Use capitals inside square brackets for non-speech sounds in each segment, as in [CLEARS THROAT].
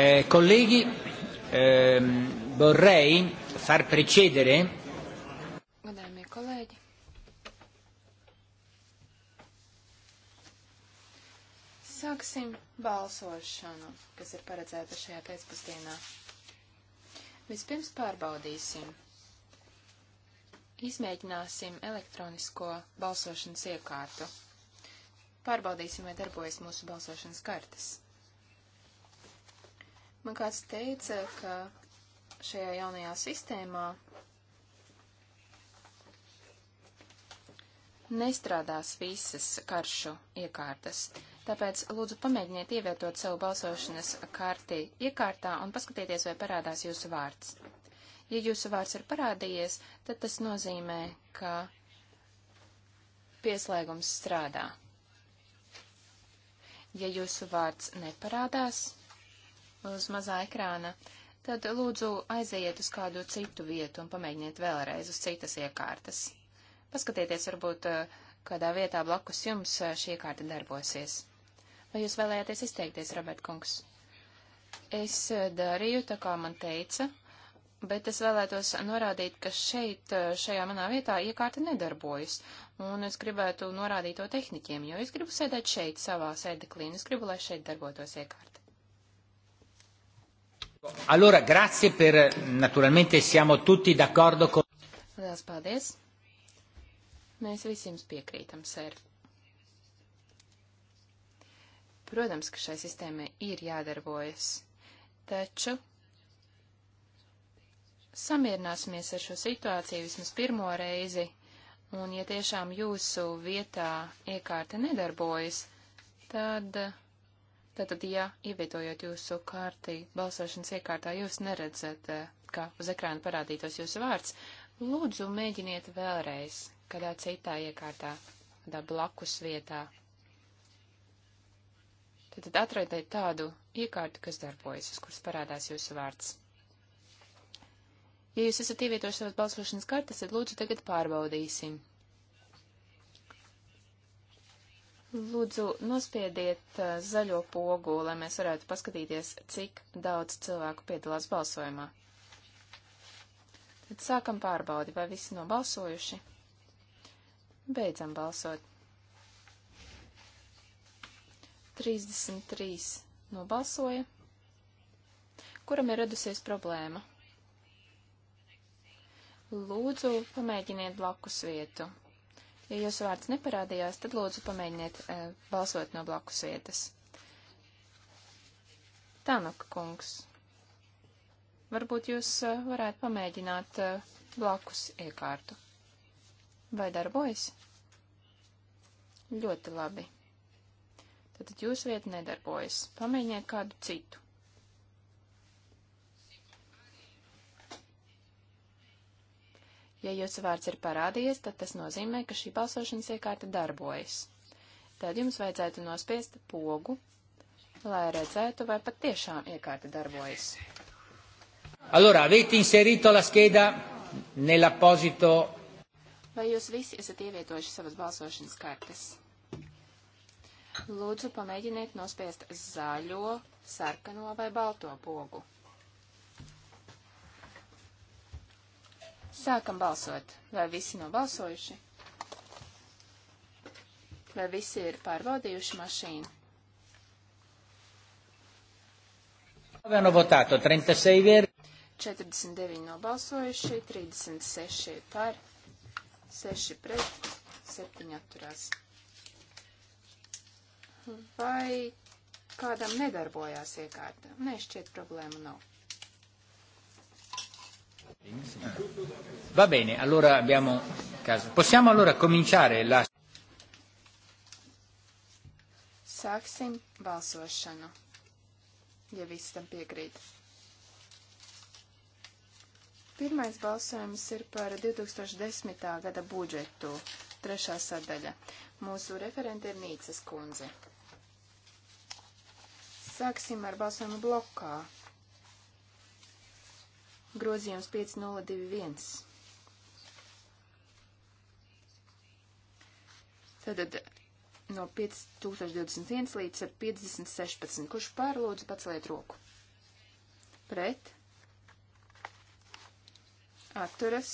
Eh, colleghi, ehm, vorrei far precedere. Godāmie kolēģi. Sāksim balsošanu, kas ir paredzēta šajā pēcpusdienā. Vispirms pārbaudīsim. Izmēģināsim elektronisko balsošanas iekārtu. Pārbaudīsim, vai darbojas mūsu balsošanas kartes. Man kāds teica, ka šajā jaunajā sistēmā nestrādās visas karšu iekārtas. Tāpēc lūdzu pamēģiniet ievietot savu balsošanas karti iekārtā un paskatieties, vai parādās jūsu vārds. Ja jūsu vārds ir parādījies, tad tas nozīmē, ka pieslēgums strādā. Ja jūsu vārds neparādās, uz mazā ekrāna, tad lūdzu aiziet uz kādu citu vietu un pamēģiniet vēlreiz uz citas iekārtas. Paskatieties, varbūt eh, kādā vietā blakus jums eh, šī iekārta darbosies. Vai jūs vēlējāties izteikties, Robert Kungs? Es eh, darīju tā, kā man teica, bet es vēlētos norādīt, ka šeit, šajā manā vietā, iekārta nedarbojas, un es gribētu norādīt to tehniķiem, jo es gribu sēdēt šeit, savā sēdeklī, un es gribu, lai šeit darbotos iekārta. Allora, grazie per, naturalmente, siamo tutti d'accordo con. Lielas paldies. Mēs visiem piekrītam, sēr. Protams, ka šai sistēmai ir jādarbojas, taču samierināsimies ar šo situāciju vismaz pirmo reizi, un ja tiešām jūsu vietā iekārta nedarbojas, tad. Uh, Tātad, ja ievietojot jūsu kārtī balsošanas iekārtā, jūs neredzat, eh, kā uz ekrāna parādītos jūsu vārds, lūdzu mēģiniet vēlreiz kādā eh, citā iekārtā, kādā blakus vietā. Tātad atradiet tādu iekārtu, kas darbojas, uz kuras parādās jūsu vārds. Ja jūs esat ievietojuši savas balsošanas kartas, tad lūdzu tagad pārbaudīsim, Lūdzu, nospiediet uh, zaļo pogu, lai mēs varētu paskatīties, cik daudz cilvēku piedalās balsojumā. Tad sākam pārbaudi, vai visi nobalsojuši. Beidzam balsot. 33 nobalsoja. Kuram ir radusies problēma? Lūdzu, pamēģiniet blakus vietu. Ja jūsu vārds neparādījās, tad lūdzu pamēģiniet e, balsot no blakus vietas. Tanaka kungs, varbūt jūs e, varētu pamēģināt e, blakus iekārtu. Vai darbojas? Ļoti labi. Tad jūsu vieta nedarbojas. Pamēģiniet kādu citu. Ja jūsu vārds ir parādījies, tad tas nozīmē, ka šī balsošanas iekārta darbojas. Tad jums vajadzētu nospiest pogu, lai redzētu, vai patiešām iekārta darbojas. Allora, avete inserito la scheda nell'apposito. Vai jūs visi esat ievietojuši savas balsošanas kartes? Lūdzu, pamēģiniet nospiest zaļo, sarkano vai balto pogu. Sākam balsot. Vai visi nobalsojuši? Vai visi ir pārbaudījuši mašīnu? Avevano votato 36 ver. 49 nobalsojuši, 36 par, 6 pret, 7 atturās. Vai kādam nedarbojās iekārta? Nē, šķiet problēma nav. Va bene, allora abbiamo caso. Possiamo allora cominciare la. Sāksim balsošanu, ja viss tam piekrīt. Pirmais balsojums ir par 2010. gada budžetu, trešā sadaļa. Mūsu referente ir Nīcas kundze. Sāksim ar balsojumu blokā grozījums 5021. Tātad no 5021 līdz 5016. Kurš pārlūdzu paceliet roku? Pret. Atturas.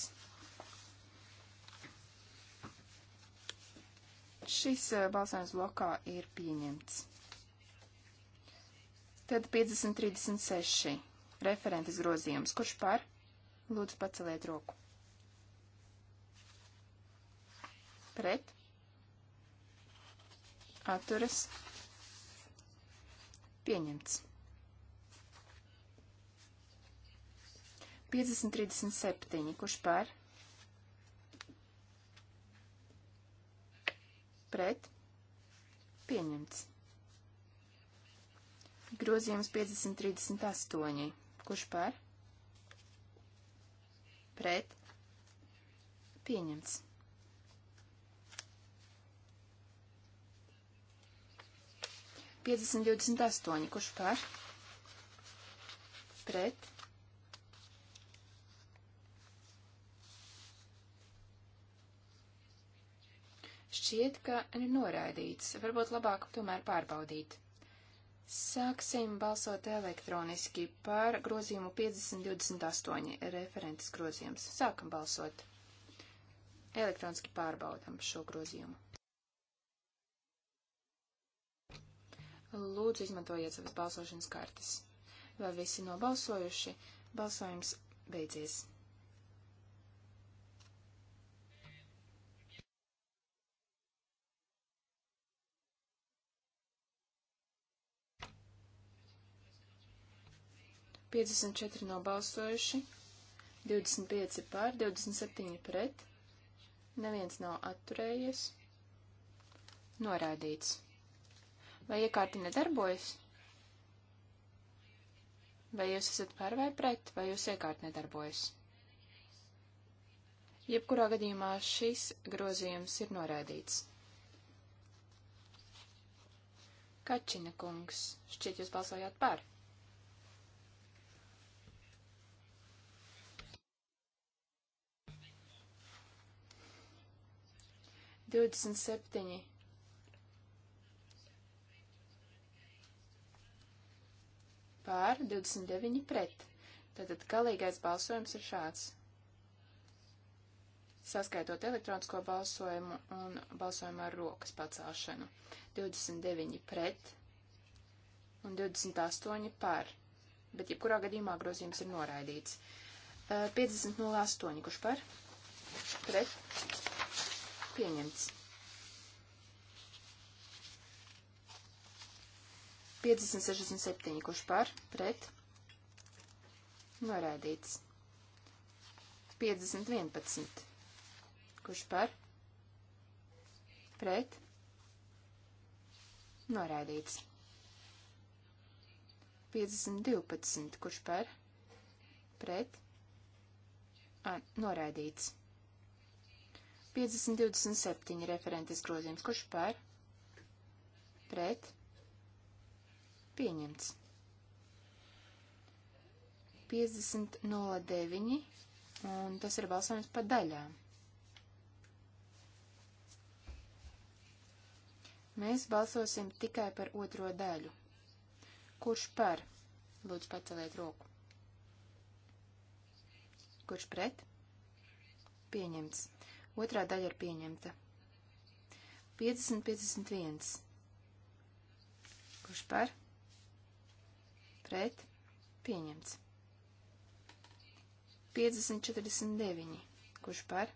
Šis eh, balsājums blokā ir pieņemts. Tad 5036 referentes grozījums. Kurš par? Lūdzu, paceliet roku. Pret. Atturas. Pieņemts. 50-37. Kurš par? Pret. Pieņemts. Grozījums 5038. Kurš par? Pret. Pieņemts. Piecdesmit divdesmit astoņi. Kurš par? Pret. Šķiet, ka ir noraidīts. Varbūt labāk tomēr pārbaudīt. Sāksim balsot elektroniski par grozījumu 5028 referentes grozījums. Sākam balsot. Elektroniski pārbaudam šo grozījumu. Lūdzu, izmantojiet savas balsošanas kartes. Vai visi nobalsojuši? Balsojums beidzies. 54 nobalsojuši, 25 pār, 27 pret, neviens nav atturējies, norādīts. Vai iekārti nedarbojas? Vai jūs esat par vai pret, vai jūs iekārti nedarbojas? Jebkurā gadījumā šis grozījums ir norādīts. Kačina kungs, šķiet jūs balsojāt par. 27. Pār 29 pret. Tātad galīgais balsojums ir šāds. Saskaitot elektronisko balsojumu un balsojumu ar rokas pacelšanu. 29 pret un 28 par. Bet jebkurā gadījumā grozījums ir noraidīts. 50.08. Kurš par? Pret pieņemts. 50-67, kurš par, pret, noraidīts. 50-11, kurš par, pret, noraidīts. 50-12, kurš par, pret, a, noraidīts. 50-12. 5027 referentes grozījums. Kurš par? Pret? Pieņemts. 5009 un tas ir balsojums pa daļām. Mēs balsosim tikai par otro daļu. Kurš par? Lūdzu, paceliet roku. Kurš pret? Pieņemts. Otrā daļa ir pieņemta. 50-51. Kurš par? Pret? Pieņemts. 50-49. Kurš par?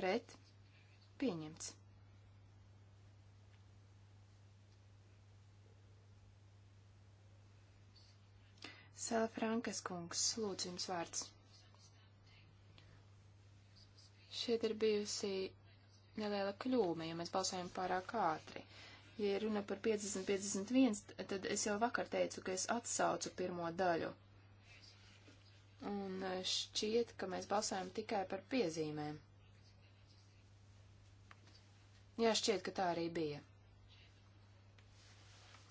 Pret? Pieņemts. Sela Frankas kungs, lūdzu jums vārds. Šeit ir bijusi neliela kļūme, jo mēs balsojam pārāk ātri. Ja runa par 50-51, tad es jau vakar teicu, ka es atsaucu pirmo daļu. Un eh, šķiet, ka mēs balsojam tikai par piezīmēm. Jā, šķiet, ka tā arī bija.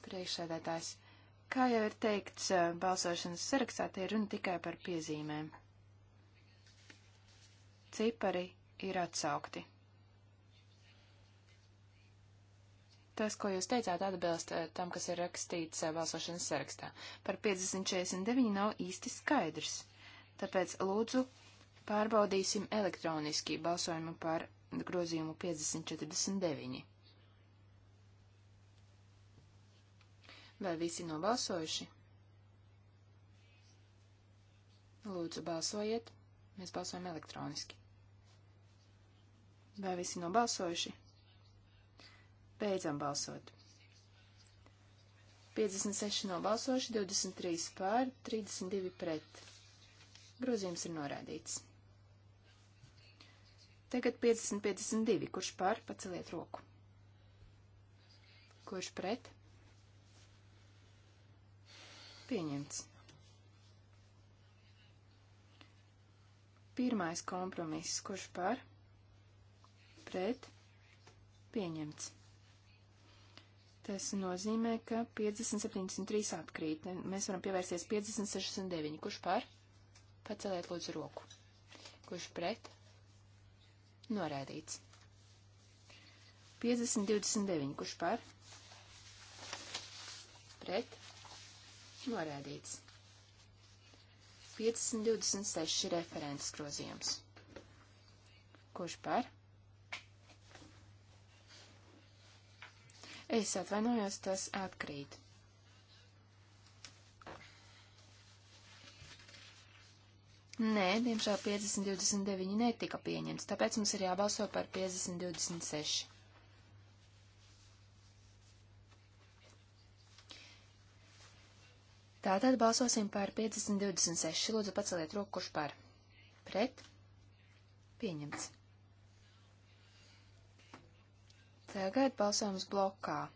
Priekšsēdētājs, kā jau ir teikts eh, balsošanas sarakstā, te ir runa tikai par piezīmēm cipari ir atsaukti. Tas, ko jūs teicāt, atbilst eh, tam, kas ir rakstīts eh, balsošanas sarakstā. Par 5049 nav īsti skaidrs, tāpēc lūdzu pārbaudīsim elektroniski balsojumu par grozījumu 5049. Vai visi nobalsojuši? Lūdzu, balsojiet. Mēs balsojam elektroniski. Vai visi nobalsojuši? Beidzam balsot. 56 nobalsojuši, 23 pār, 32 pret. Grozījums ir norādīts. Tagad 50-52. Kurš pār? Paceliet roku. Kurš pret? Pieņemts. Pirmais kompromiss. Kurš pār? pret pieņemts. Tas nozīmē, ka 50, 73 atkrīt. Mēs varam pievērsties 50, 69. Kurš par? Paceliet lūdzu roku. Kurš pret? Norēdīts. 50, 29. Kurš par? Pret? Norēdīts. 50, 26 referents grozījums. Kurš par? Es atvainojos, tas atkrīt. Nē, diemžēl 5029 netika pieņemts, tāpēc mums ir jābalso par 5026. Tātad balsosim par 5026. Lūdzu, paceliet roku, kurš par. Pret. Pieņemts. Tagad balsojums blokā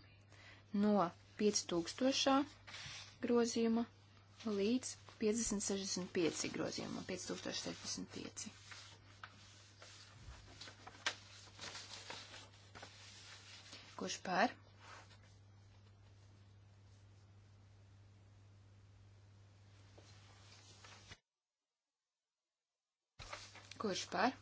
no 5000 grozījuma līdz 5065 grozījumam, 5065. Kurš pār? Kurš pār?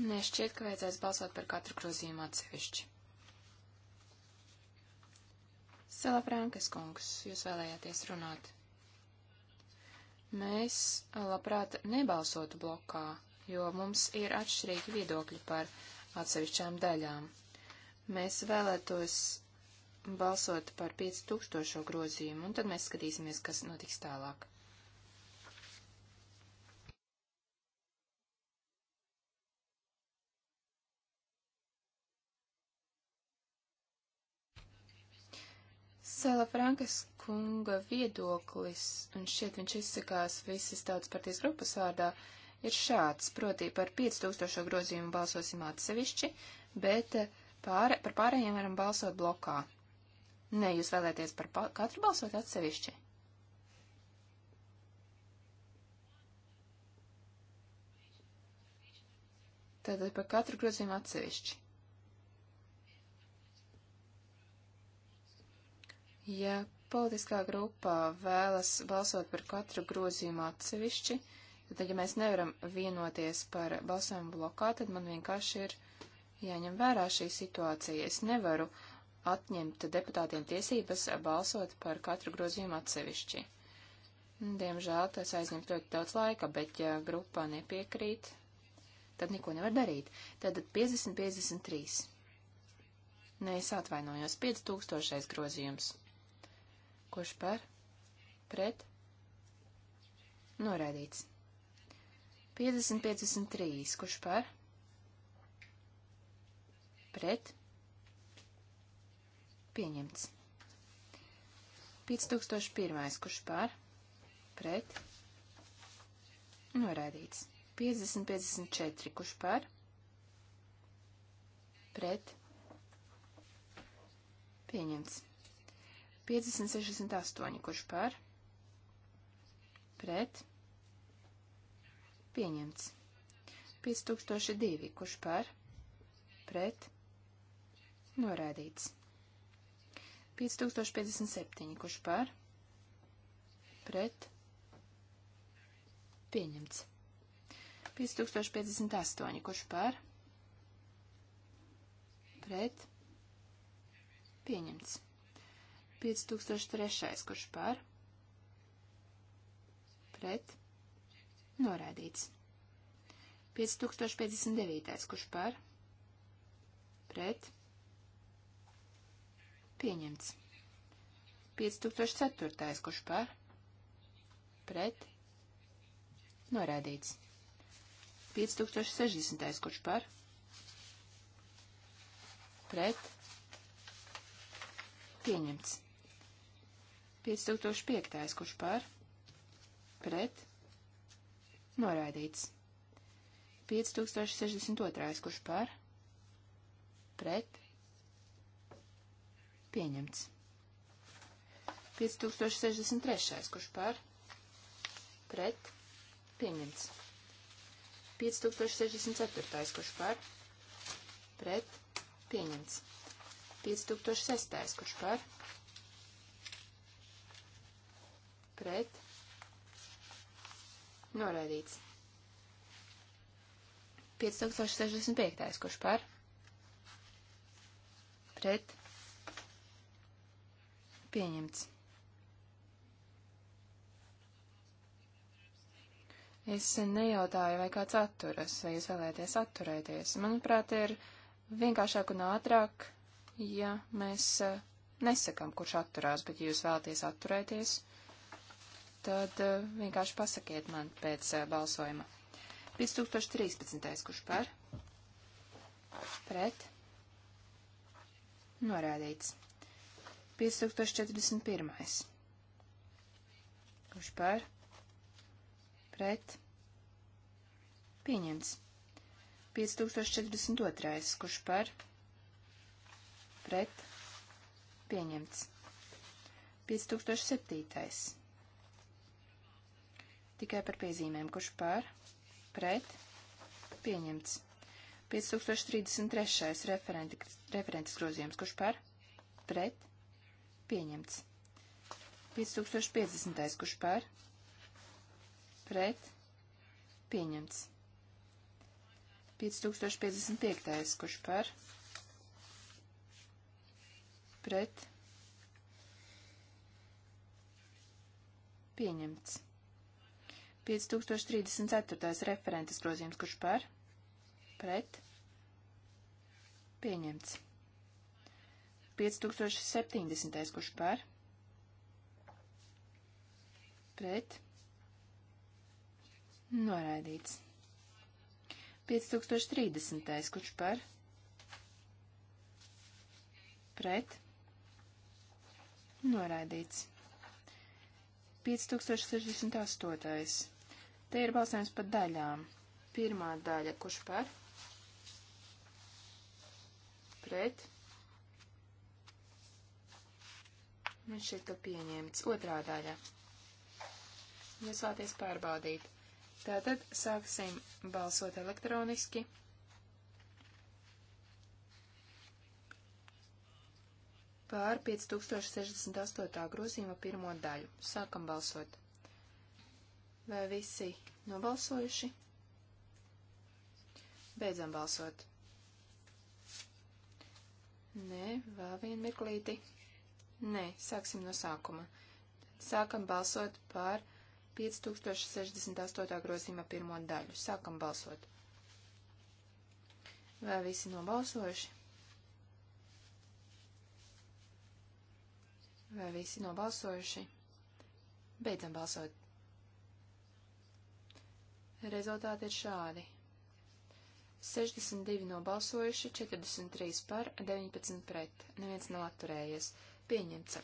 Nešķiet, ka vajadzēs balsot par katru grozījumu atsevišķi. Sela Frankas kungs, jūs vēlējāties runāt. Mēs labprāt nebalsotu blokā, jo mums ir atšķirīgi viedokļi par atsevišķām daļām. Mēs vēlētos balsot par 5000 grozījumu, un tad mēs skatīsimies, kas notiks tālāk. Sala Frankas kunga viedoklis, un šeit viņš izsakās visas tautas partijas grupas vārdā, ir šāds, proti par 5000 grozījumu balsosim atsevišķi, bet eh, pār, par pārējiem varam balsot blokā. Nē, jūs vēlēties par pa, katru balsot atsevišķi? Tātad par katru grozījumu atsevišķi. Ja politiskā grupā vēlas balsot par katru grozījumu atsevišķi, tad, ja mēs nevaram vienoties par balsojumu blokā, tad man vienkārši ir jāņem vērā šī situācija. Es nevaru atņemt deputātiem tiesības balsot par katru grozījumu atsevišķi. Diemžēl tas aizņem ļoti daudz laika, bet ja grupā nepiekrīt, tad neko nevar darīt. Tātad 50-53. Nē, es atvainojos, 5000 grozījums. Kurš par? Pret? Noraidīts. 50-53. Kurš par? Pret? Pieņemts. 5001. Kurš par? Pret? Noraidīts. 50-54. Kurš par? Pret? Pieņemts. 50, 68, kurš par, pret, pieņemts. 5002, kurš par, pret, norādīts. 5057, kurš par, pret, pieņemts. 5058, kurš par, pret, pieņemts. 5003. kurš par? Pret. Norādīts. 5059. kurš par? Pret. Pieņemts. 5004. kurš par? Pret. Norādīts. 5060. kurš par? Pret. Pieņemts. 5005. kurš par, pret, noraidīts. 5062. kurš par, pret, pieņemts. 5063. kurš par, pret, pieņemts. 5064. kurš par, pret, pieņemts. 5006. kurš par, pret, pieņemts. pret, noraidīts. 5065. kurš par, pret, pieņemts. Es nejautāju, vai kāds atturas, vai jūs vēlēties atturēties. Manuprāt, ir vienkāršāk un ātrāk, ja mēs eh, nesakām, kurš atturās, bet ja jūs vēlaties atturēties, tad eh, vienkārši pasakiet man pēc eh, balsojuma. 5013. kurš par? Pret? Norādīts. 5041. Kurš par? Pret? Pieņemts. 5042. Kurš par? Pret? Pieņemts. 5007 tikai par piezīmēm, kurš par, pret, pieņemts. 5033. referentes grozījums, kurš par, pret, pieņemts. 5050. kurš par, pret, pieņemts. 5055. kurš par, pret, pieņemts. 5034. referentes grozījums, kurš par, pret, pieņemts. 5070. kurš par, pret, noraidīts. 5030. kurš par, pret, noraidīts. 5068. Te ir balsojums pa daļām. Pirmā daļa, kurš par? Pret. Man šķiet, ka pieņemts. Otrā daļa. Jūs vēlaties pārbaudīt. Tātad sāksim balsot elektroniski. Pār 5068. grozījuma pirmo daļu. Sākam balsot. Vai visi nobalsojuši? Beidzam balsot. Nē, vēl vien mirklīti. Nē, sāksim no sākuma. Tad sākam balsot par 5068. grozījuma pirmo daļu. Sākam balsot. Vai visi nobalsojuši? Vai visi nobalsojuši? Beidzam balsot. Rezultāti ir šādi. 62 nobalsojuši, 43 par, 19 pret. Neviens nav atturējies. Pieņemts.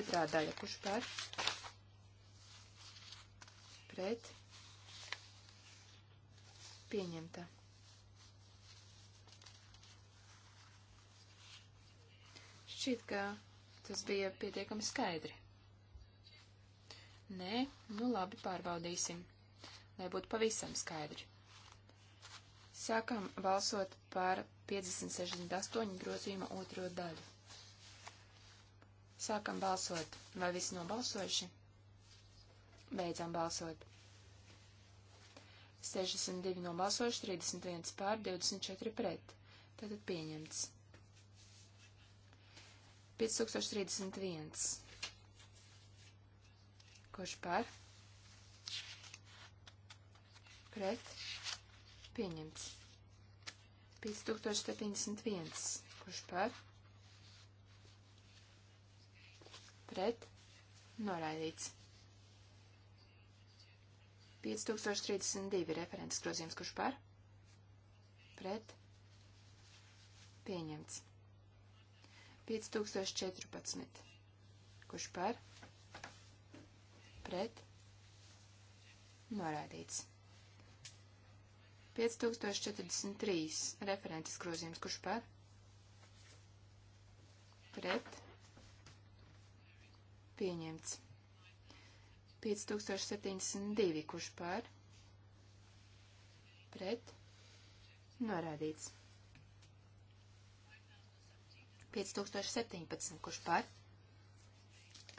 Otrā daļa, kurš par? Pret. Pieņemta. Šķiet, ka tas bija pietiekami skaidri. Nē, nu labi, pārbaudīsim lai būtu pavisam skaidri. Sākam balsot par 568 grozījuma otro daļu. Sākam balsot. Vai visi nobalsojuši? Beidzam balsot. 62 nobalsojuši, 31 pār, 24 pret. Tātad pieņemts. 5031. Kurš par? pret pieņemts. 5071, kurš par pret noraidīts. 5032 referents grozījums, kurš par pret pieņemts. 5014, kurš par pret noraidīts. 5043 referentes grozījums, kurš par? Pret. Pieņemts. 5072, kurš par? Pret. Norādīts. 5017, kurš par?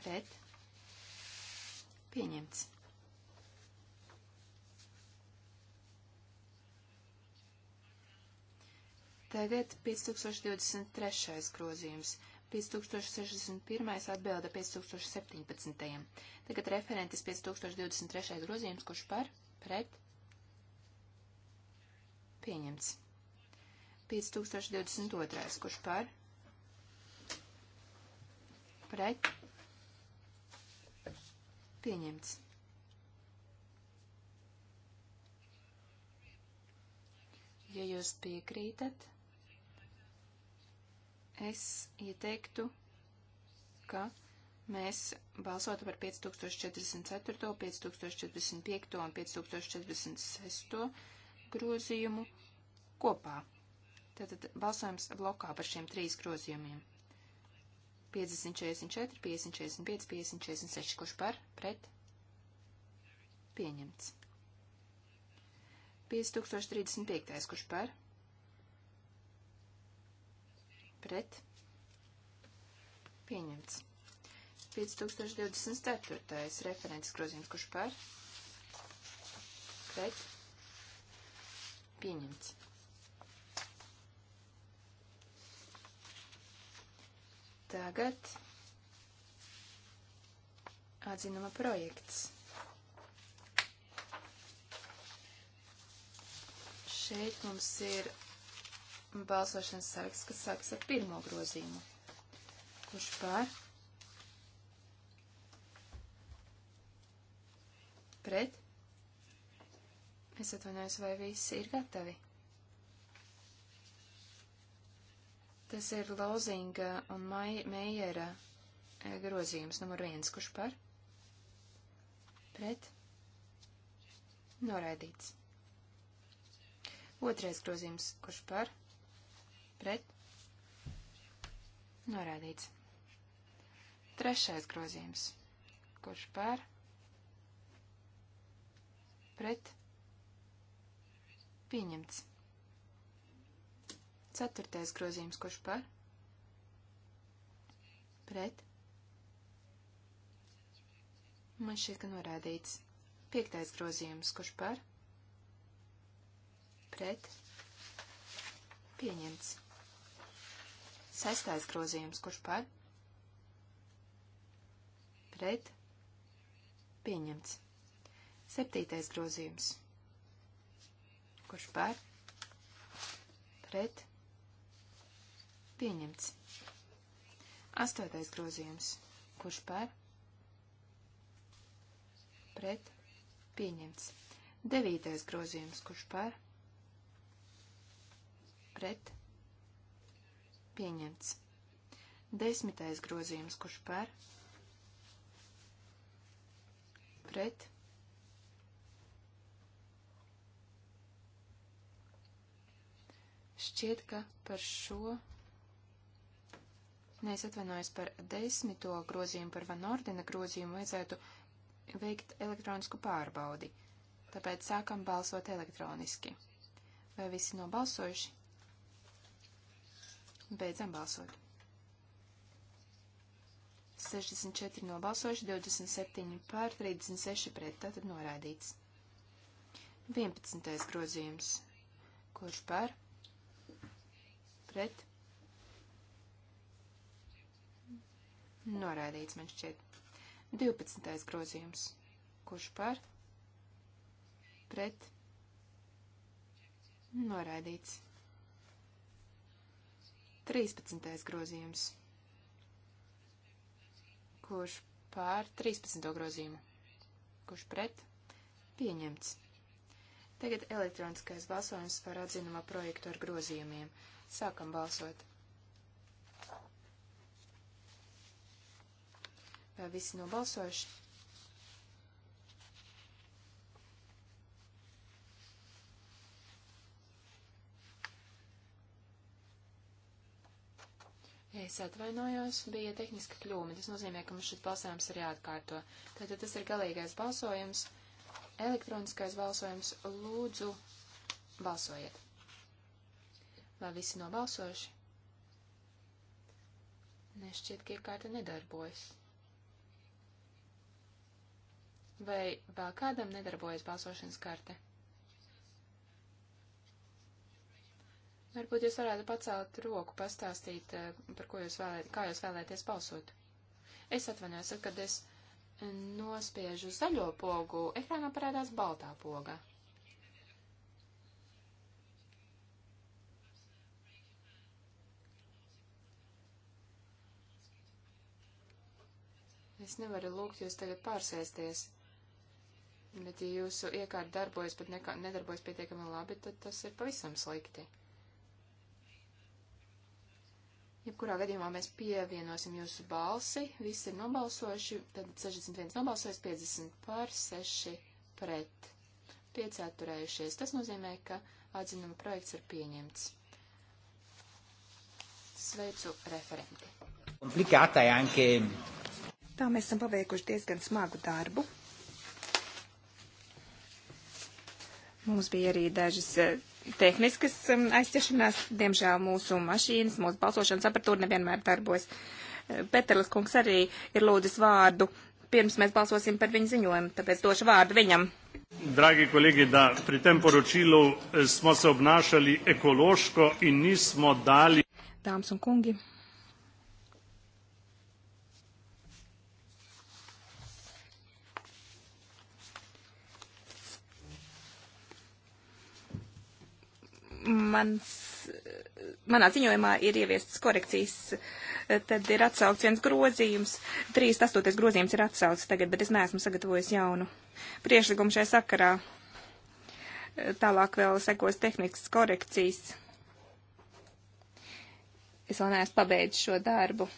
Pret. Pieņemts. Tagad 5023. grozījums. 5061. atbilda 5017. Tagad referentes 5023. grozījums, kurš par, pret, pieņemts. 5022. kurš par, pret, pieņemts. Ja jūs piekrītat, es ieteiktu, ka mēs balsotu par 5044, 5045 un 5046 grozījumu kopā. Tātad balsojums blokā par šiem trīs grozījumiem. 5044, 5045, 5046, kurš par, pret, pieņemts. 5035, kurš par, pret pret pieņemts. 5024. referents grozījums, kurš par pret pieņemts. Tagad atzinuma projekts. Šeit mums ir balsošanas saraksts, kas sākas ar pirmo grozījumu. Kurš pār? Pret? Es atvainojos, vai visi ir gatavi? Tas ir Lozinga un Meijera eh, grozījums numur viens. Kurš par? Pret? Noraidīts. Otrais grozījums. Kurš par? pret, norādīts. Trešais grozījums, kurš par, pret, pieņemts. Ceturtais grozījums, kurš par, pret, man šķiet, ka norādīts. Piektais grozījums, kurš par, pret, pieņemts. Sestais grozījums, kurš par? Pret. Pieņemts. Septītais grozījums. Kurš par? Pret. Pieņemts. Astotais grozījums. Kurš par? Pret. Pieņemts. Devītais grozījums. Kurš par? Pret. Pieņemts. Desmitais grozījums, kurš par? Pret. Šķiet, ka par šo. Nē, es atvainojos par desmito grozījumu, par Van Ordena grozījumu vajadzētu veikt elektronisku pārbaudi. Tāpēc sākam balsot elektroniski. Vai visi nobalsojuši? Beidzam balsot. 64 nobalsojuši, 27 pār, 36 pret, tātad norādīts. 11. grozījums. Kurš pār? Pret? Norādīts, man šķiet. 12. grozījums. Kurš par? Pret? Noraidīts. 13. grozījums. Kurš pār 13. grozījumu? Kurš pret? Pieņemts. Tagad elektroniskais balsojums par atzinuma projektu ar grozījumiem. Sākam balsot. Vai visi nobalsojuši? Es atvainojos, bija tehniska kļūme. Tas nozīmē, ka mums šis balsojums ir jāatkārto. Tātad tas ir galīgais balsojums, elektroniskais balsojums. Lūdzu, balsojiet. Vai visi nobalsojuši? Nešķiet, ka iekārta nedarbojas. Vai vēl kādam nedarbojas balsošanas karte? Varbūt jūs varētu pacelt roku, pastāstīt, eh, par ko jūs vēlēt, kā jūs vēlēties balsot. Es atvainojos, kad es nospiežu zaļo pogu, ekrānā parādās baltā poga. Es nevaru lūgt jūs tagad pārsēsties. Bet, ja jūsu iekārta darbojas, bet nekā, nedarbojas pietiekami labi, tad tas ir pavisam slikti. Jebkurā gadījumā mēs pievienosim jūsu balsi. Visi ir nobalsojuši, tad 61 nobalsojas, 50 pār, 6 pret. 5 atturējušies. Tas nozīmē, ka atzinuma projekts ir pieņemts. Sveicu referenti. Komplikātai anke. Tā mēs esam paveikuši diezgan smagu darbu. Mums bija arī dažas eh, tehniskas um, aizķeršanās. Diemžēl mūsu mašīnas, mūsu balsošanas aparatūra nevienmēr darbojas. Uh, Peterlis kungs arī ir lūdzis vārdu, pirms mēs balsosim par viņu ziņojumu, tāpēc došu vārdu viņam. Dragi kolegi, da pri tem poročilu eh, smo se obnašali ekološko in nismo dali. Dāmas un kungi. Mans, manā ziņojumā ir ieviestas korekcijas, tad ir atsaukts viens grozījums, 38. grozījums ir atsaukts tagad, bet es neesmu sagatavojis jaunu priešlikumu šajā sakarā. Tālāk vēl sekos tehnikas korekcijas. Es vēl neesmu pabeidzis šo darbu.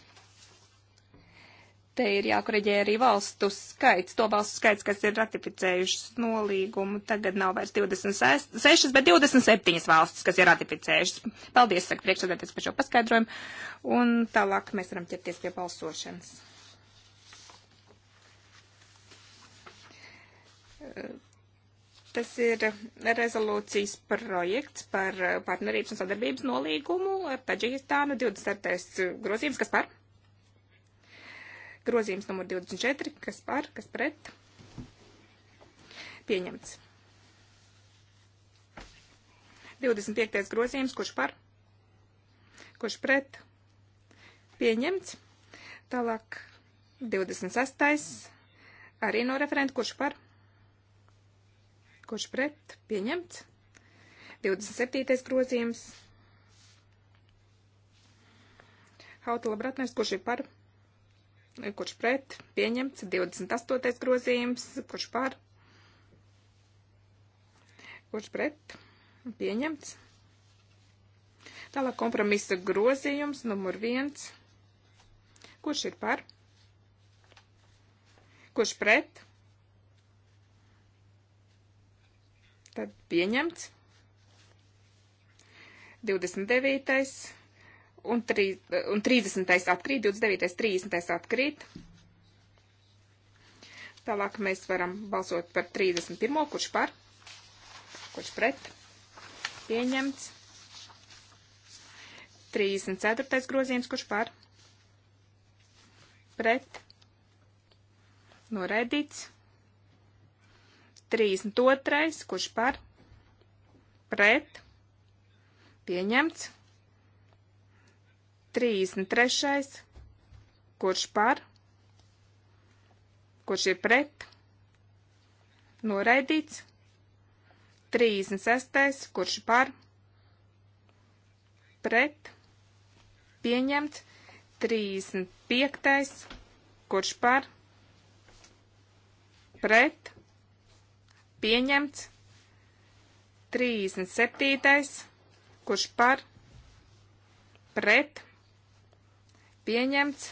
Te ir jākoreģē arī valstu skaits, to valstu skaits, kas ir ratificējušas nolīgumu. Tagad nav vairs 26, bet 27 valstis, kas ir ratificējušas. Paldies, saka priekšsēdētājs par šo paskaidrojumu. Un tālāk mēs varam ķerties pie balsošanas. Tas ir rezolūcijas projekts par partnerības un sadarbības nolīgumu ar Taģikistānu 24. grozījums, kas par? Grozījums numur 24, kas par, kas pret. Pieņemts. 25. grozījums, kurš par, kurš pret. Pieņemts. Tālāk 26. arī no referenta, kurš par, kurš pret. Pieņemts. 27. grozījums. Hautala Bratners, kurš ir par, pret kurš pret, pieņemts, 28. grozījums, kurš par, kurš pret, pieņemts. Tālāk kompromisa grozījums numur viens, kurš ir par, kurš pret, tad pieņemts. 29 un, tri, un 30. atkrīt, 29. 30. atkrīt. Tālāk mēs varam balsot par 31. kurš par, kurš pret, pieņemts. 34. grozījums, kurš par, pret, noraidīts. 32. kurš par, pret, pieņemts. 33. Kurš par? Kurš ir pret? Noraidīts. 36. Kurš par? Pret. Pieņemts. 35. Kurš par? Pret. Pieņemts. 37. Kurš par? Pret pieņemts.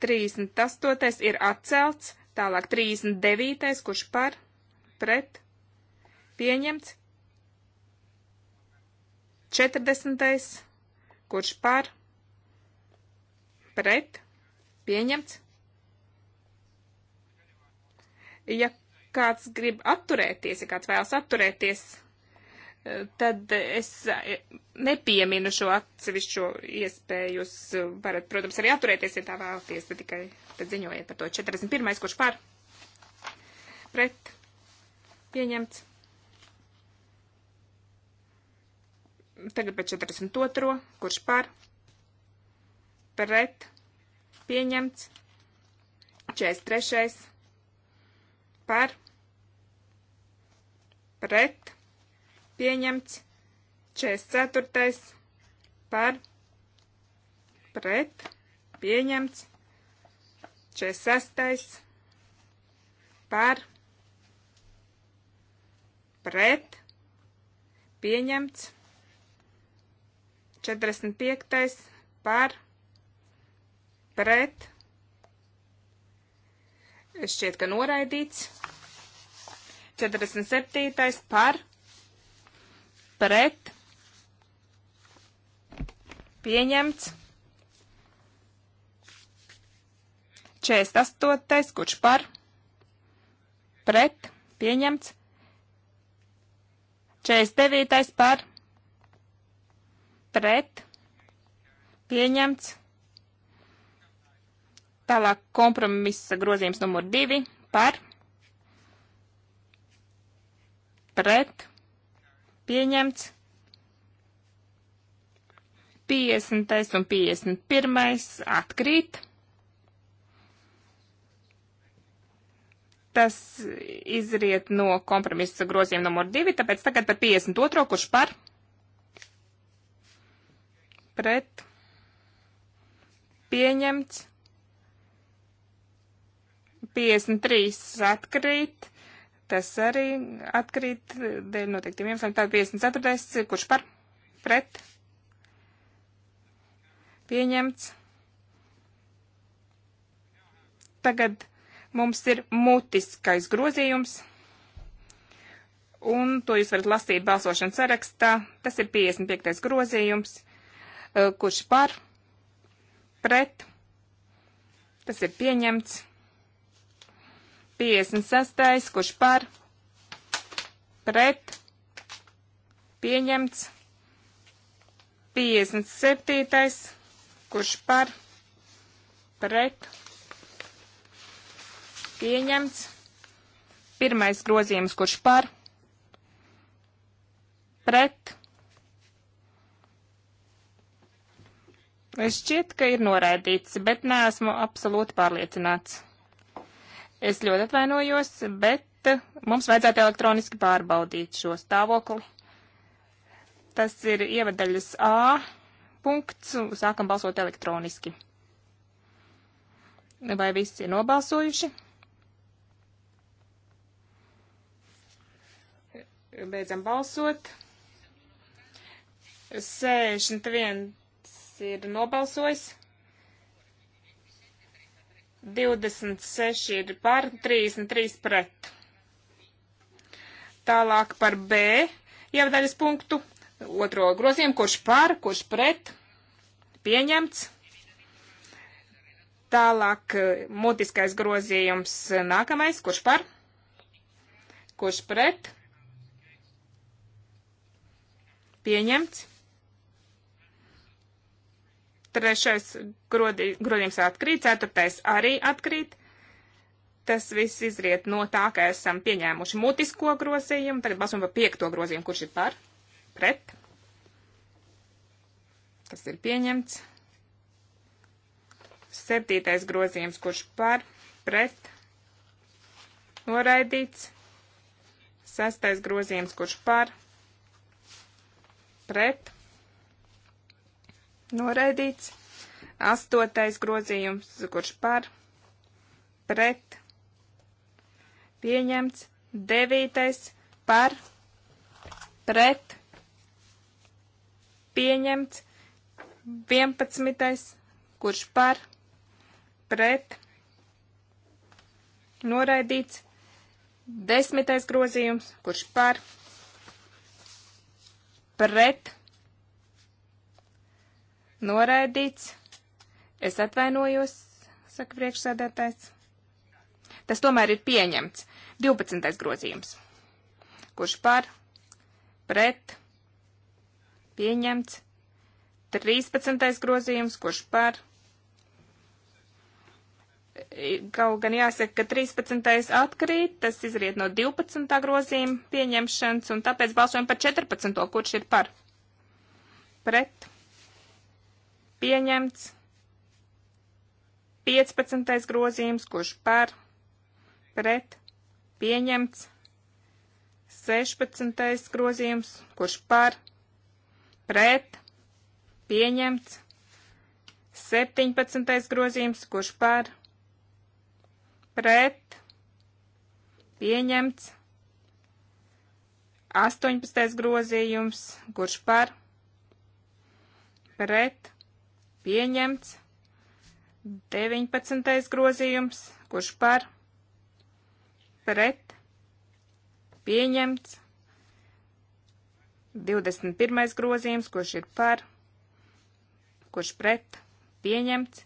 38. ir atcelts, tālāk 39. kurš par, pret, pieņemts. 40. kurš par, pret, pieņemts. Ja kāds grib atturēties, ja kāds vēlas atturēties, tad es eh, nepieminu šo atsevišķo iespēju. Jūs eh, varat, protams, arī atturēties, ja tā vēlaties, tad tikai tad ziņojiet par to. 41. kurš par? Pret? Pieņemts. Tagad par 42. kurš par? Pret? Pieņemts. 43. par? Pret? pieņemts 44. par pret pieņemts 46. par pret pieņemts 45. par pret šķiet, ka noraidīts 47. par pret pret, pieņemts. 48. kurš par, pret, pieņemts. 49. par, pret, pieņemts. Tālāk kompromisa grozījums numur 2 par, pret, pieņemts pieņemts. 50. un 51. atkrīt. Tas izriet no kompromisa grozījuma numur 2, tāpēc tagad par 52. kurš par pret pieņemts. 53 atkrīt tas arī atkrīt dēļ noteiktiem iemesliem. Tā 54. kurš par pret pieņemts. Tagad mums ir mutiskais grozījums, un to jūs varat lasīt balsošanas sarakstā. Tas ir 55. grozījums, kurš par pret. Tas ir pieņemts. 56. kurš par pret pieņemts. 57. kurš par pret pieņemts. Pirmais grozījums, kurš par pret. Es šķiet, ka ir noraidīts, bet neesmu absolūti pārliecināts. Es ļoti atvainojos, bet eh, mums vajadzētu elektroniski pārbaudīt šo stāvokli. Tas ir ievadaļas A punkts. Sākam balsot elektroniski. Vai visi ir nobalsojuši? Beidzam balsot. 61 ir nobalsojis. 26 ir par, 33 pret. Tālāk par B ievadaļas punktu, otro grozījumu, kurš par, kurš pret, pieņemts. Tālāk eh, mutiskais grozījums nākamais, kurš par, kurš pret, pieņemts. Trešais grodi, grozījums atkrīt, ceturtais arī atkrīt. Tas viss izriet no tā, ka esam pieņēmuši mutisko grozījumu. Tagad balsojam par piekto grozījumu, kurš ir par, pret. Tas ir pieņemts. Septītais grozījums, kurš par, pret, noraidīts. Sastais grozījums, kurš par, pret, noraidīts. Astotais grozījums, kurš par, pret, pieņemts. Devītais par, pret, pieņemts. Vienpadsmitais, kurš par, pret, noraidīts. Desmitais grozījums, kurš par, pret, pieņemts Noraidīts. Es atvainojos, saka priekšsēdētājs. Tas tomēr ir pieņemts. 12. grozījums. Kurš par? Pret. Pieņemts. 13. grozījums. Kurš par? Kaut gan jāsaka, ka 13. atkrīt, tas izriet no 12. grozījuma pieņemšanas, un tāpēc balsojam par 14. kurš ir par. Pret pieņemts. 15. grozījums, kurš par, pret, pieņemts. 16. grozījums, kurš par, pret, pieņemts. 17. grozījums, kurš par, pret, pieņemts. 18. grozījums, kurš par, pret, pieņemts. 19. grozījums, kurš par, pret, pieņemts. 21. grozījums, kurš ir par, kurš pret, pieņemts.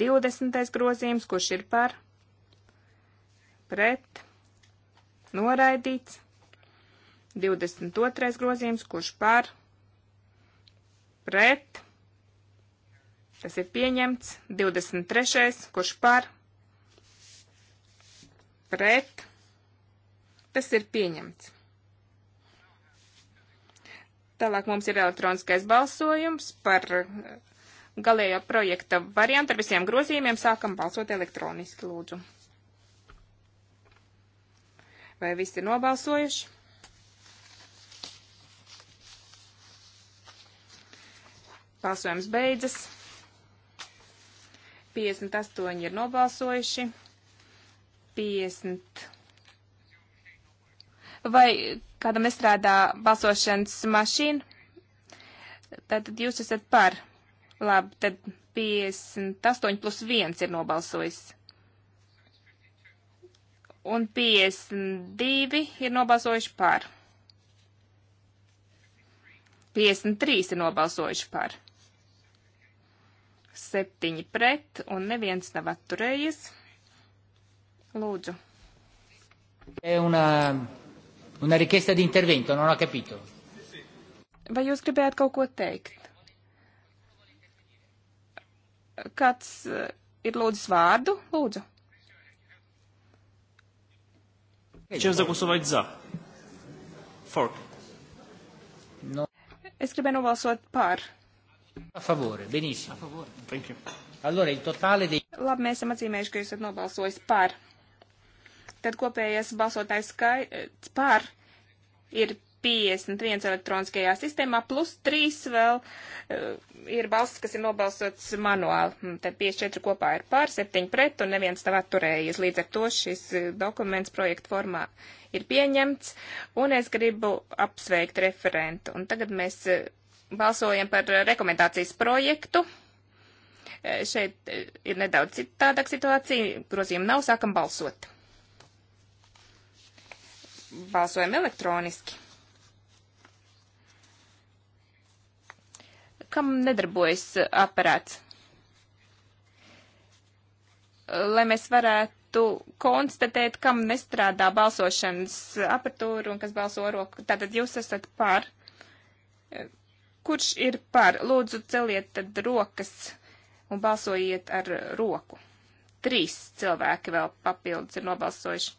20. grozījums, kurš ir par, pret, noraidīts. 22. grozījums, kurš par, pret, Tas ir pieņemts. 23. Kurš par? Pret. Tas ir pieņemts. Tālāk mums ir elektroniskais balsojums par uh, galējo projekta variantu ar visiem grozījumiem. Sākam balsot elektroniski, lūdzu. Vai visi ir nobalsojuši? Balsojums beidzas. 58 ir nobalsojuši. 50. Vai kādam nestrādā balsošanas mašīna? Tātad jūs esat par. Labi, tad 58 plus 1 ir nobalsojis. Un 52 ir nobalsojuši par. 53 ir nobalsojuši par. Septiņi pret un neviens nav atturējies. Lūdzu. Una, una richiesta di intervento, non ho capito. Vai jūs gribējāt kaut ko teikt? Kāds eh, ir lūdzis vārdu? Lūdzu. Chciałem zagłosować za. Fork. No. Es gribēju nobalsot par. A favore, benissimo. A favore. Thank you. Allora, il totale dei... Labi, mēs esam atzīmējuši, ka jūs esat nobalsojis par. Tad kopējais balsotājs skaits eh, par ir 51 elektroniskajā sistēmā, plus 3 vēl uh, ir balsts, kas ir nobalsots manuāli. Mm, tad 54 kopā ir par, 7 pret, un neviens nav atturējies. Līdz ar to šis eh, dokuments projekta formā ir pieņemts, un es gribu apsveikt referentu. Un tagad mēs uh, balsojam par eh, rekomendācijas projektu. Eh, šeit eh, ir nedaudz citādāk situācija. Grozījuma nav, sākam balsot. Balsojam elektroniski. Kam nedarbojas aparāts? Lai mēs varētu konstatēt, kam nestrādā balsošanas apatūra un kas balso roku. Tātad jūs esat par Kurš ir par? Lūdzu, celiet tad rokas un balsojiet ar roku. Trīs cilvēki vēl papildus ir nobalsojuši.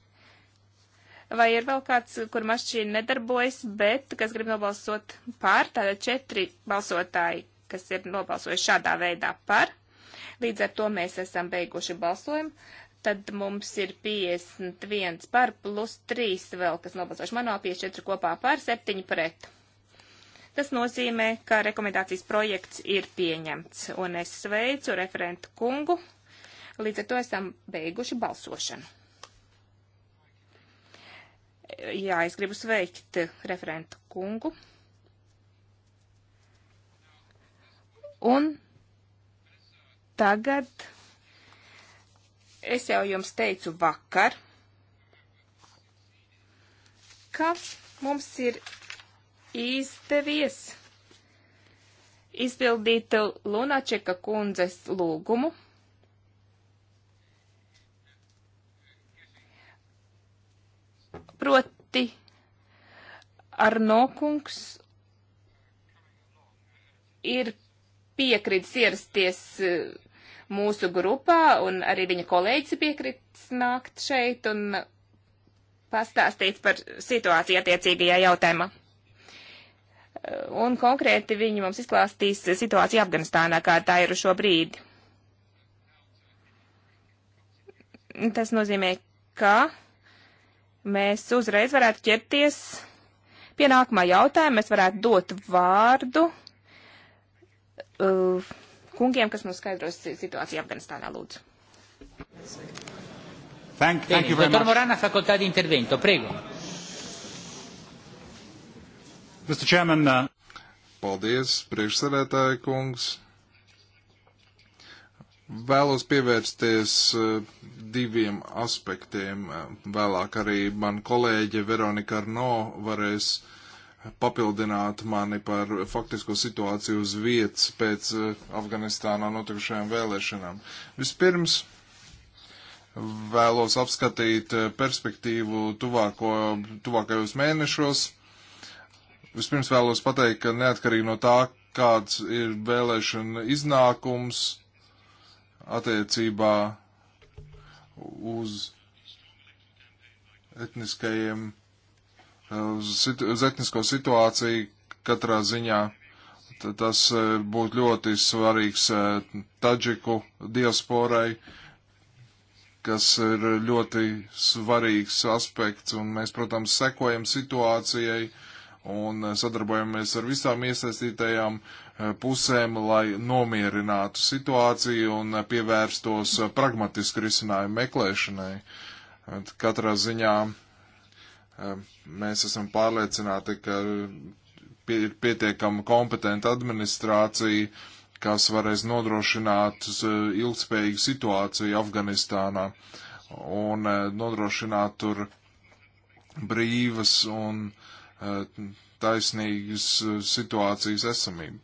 Vai ir vēl kāds, kur mašīna nedarbojas, bet kas grib nobalsot par? Tātad četri balsotāji, kas ir nobalsojuši šādā veidā par. Līdz ar to mēs esam beiguši balsojumu. Tad mums ir 51 par plus 3 vēl, kas nobalsojuši manā, 54 kopā par, 7 pret. Tas nozīmē, ka rekomendācijas projekts ir pieņemts, un es sveicu referentu kungu. Līdz ar to esam beiguši balsošanu. Jā, es gribu sveikt referentu kungu. Un tagad es jau jums teicu vakar, ka mums ir izdevies izpildīt Lunačeka kundzes lūgumu. Proti Arno kungs ir piekritis ierasties eh, mūsu grupā, un arī viņa kolēģis piekritis nākt šeit un pastāstīt par situāciju attiecīgajā jautājumā. Un konkrēti viņi mums izklāstīs situāciju Afganistānā, kā tā ir uz šo brīdi. Tas nozīmē, ka mēs uzreiz varētu ķerties pie nākamā jautājuma. Mēs varētu dot vārdu uh, kungiem, kas mums skaidros situāciju Afganistānā, lūdzu. Thank, thank Bene, you very much. Dottor Morana, facoltà di intervento, prego. Mr. Chairman. Uh... Paldies, priekšsēdētāja kungs. Vēlos pievērsties uh, diviem aspektiem. Vēlāk arī man kolēģe Veronika Arno varēs papildināt mani par faktisko situāciju uz vietas pēc uh, Afganistānā notikušajām vēlēšanām. Vispirms vēlos apskatīt uh, perspektīvu tuvāko, tuvākajos mēnešos. Vispirms vēlos pateikt, ka neatkarīgi no tā, kāds ir vēlēšana iznākums attiecībā uz etniskajiem, uz, situ, uz etnisko situāciju katrā ziņā. Tas e, būtu ļoti svarīgs e, Tadžiku diasporai, kas ir ļoti svarīgs aspekts, un mēs, protams, sekojam situācijai un eh, sadarbojamies ar visām iesaistītajām eh, pusēm, lai nomierinātu situāciju un eh, pievērstos pragmatisku risinājumu meklēšanai. Katrā ziņā mēs esam pārliecināti, ka ir pietiekama kompetenta administrācija, kas varēs nodrošināt ilgspējīgu situāciju Afganistānā un nodrošināt tur brīvas un uh, taisnīgas eh, situācijas esamību.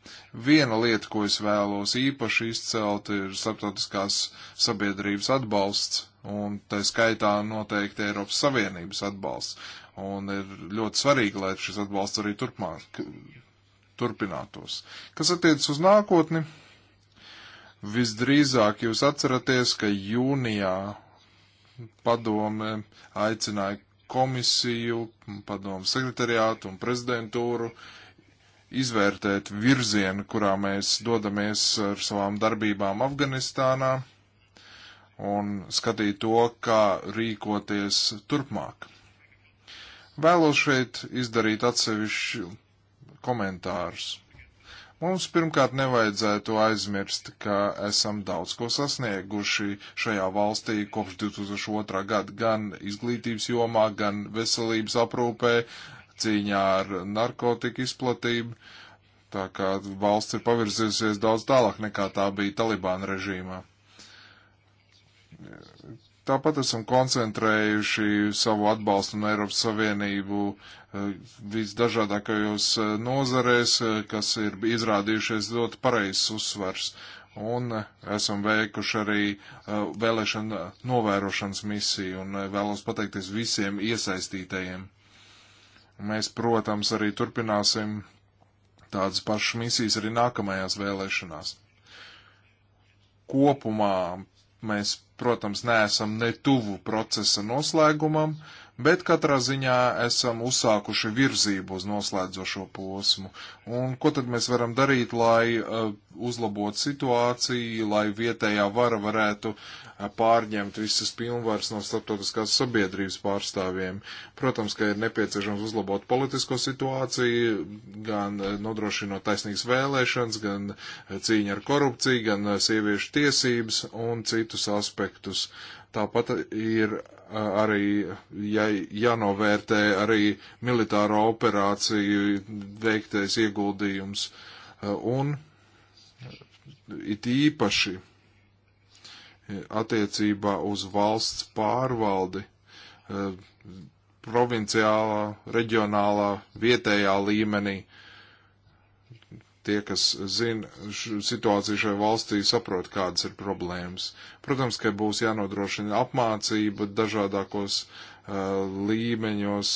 Viena lieta, ko es vēlos īpaši izcelt, ir starptautiskās sabiedrības atbalsts, un tā skaitā noteikti Eiropas Savienības atbalsts. Un ir ļoti svarīgi, lai šis atbalsts arī turpmāk turpinātos. Kas attiecas uz nākotni? Visdrīzāk jūs atceraties, ka jūnijā padome aicināja komisiju, padomu sekretariātu un prezidentūru izvērtēt virzienu, kurā mēs dodamies ar savām darbībām Afganistānā un skatīt to, kā rīkoties turpmāk. Vēlos šeit izdarīt atsevišķu komentārus. Mums pirmkārt nevajadzētu aizmirst, ka esam daudz ko sasnieguši šajā valstī kopš 2002. gada gan izglītības jomā, gan veselības aprūpē, cīņā ar narkotiku izplatību. Tā kā valsts ir pavirzījusies daudz tālāk nekā tā bija Talibāna režīmā. Tāpat esam koncentrējuši savu atbalstu un Eiropas Savienību eh, visdažādākajos eh, nozarēs, eh, kas ir izrādījušies ļoti pareizs uzsvars. Un esam veikuši arī vēlēšana novērošanas misiju un vēlos pateikties visiem iesaistītajiem. Mēs, protams, arī turpināsim tādas pašas misijas arī nākamajās vēlēšanās. Kopumā Mēs, protams, neesam ne tuvu procesa noslēgumam, bet katrā ziņā esam uzsākuši virzību uz noslēdzošo posmu. Un ko tad mēs varam darīt, lai uh, uzlabotu situāciju, lai vietējā vara varētu uh, pārņemt visas pilnvaras no starptautiskās sabiedrības pārstāvjiem? Protams, ka ir nepieciešams uzlabot politisko situāciju, gan uh, nodrošinot taisnīgas vēlēšanas, gan uh, cīņa ar korupciju, gan uh, sieviešu tiesības un citus aspektus. Tāpat ir arī ja, jānovērtē arī militāro operāciju veiktais ieguldījums. Eh, un it īpaši attiecībā uz valsts pārvaldi eh, provinciālā, reģionālā, vietējā līmenī uh, Tie, kas zina situāciju šajā valstī, saprot, kādas ir problēmas. Protams, ka būs jānodrošina apmācība dažādākos uh, līmeņos.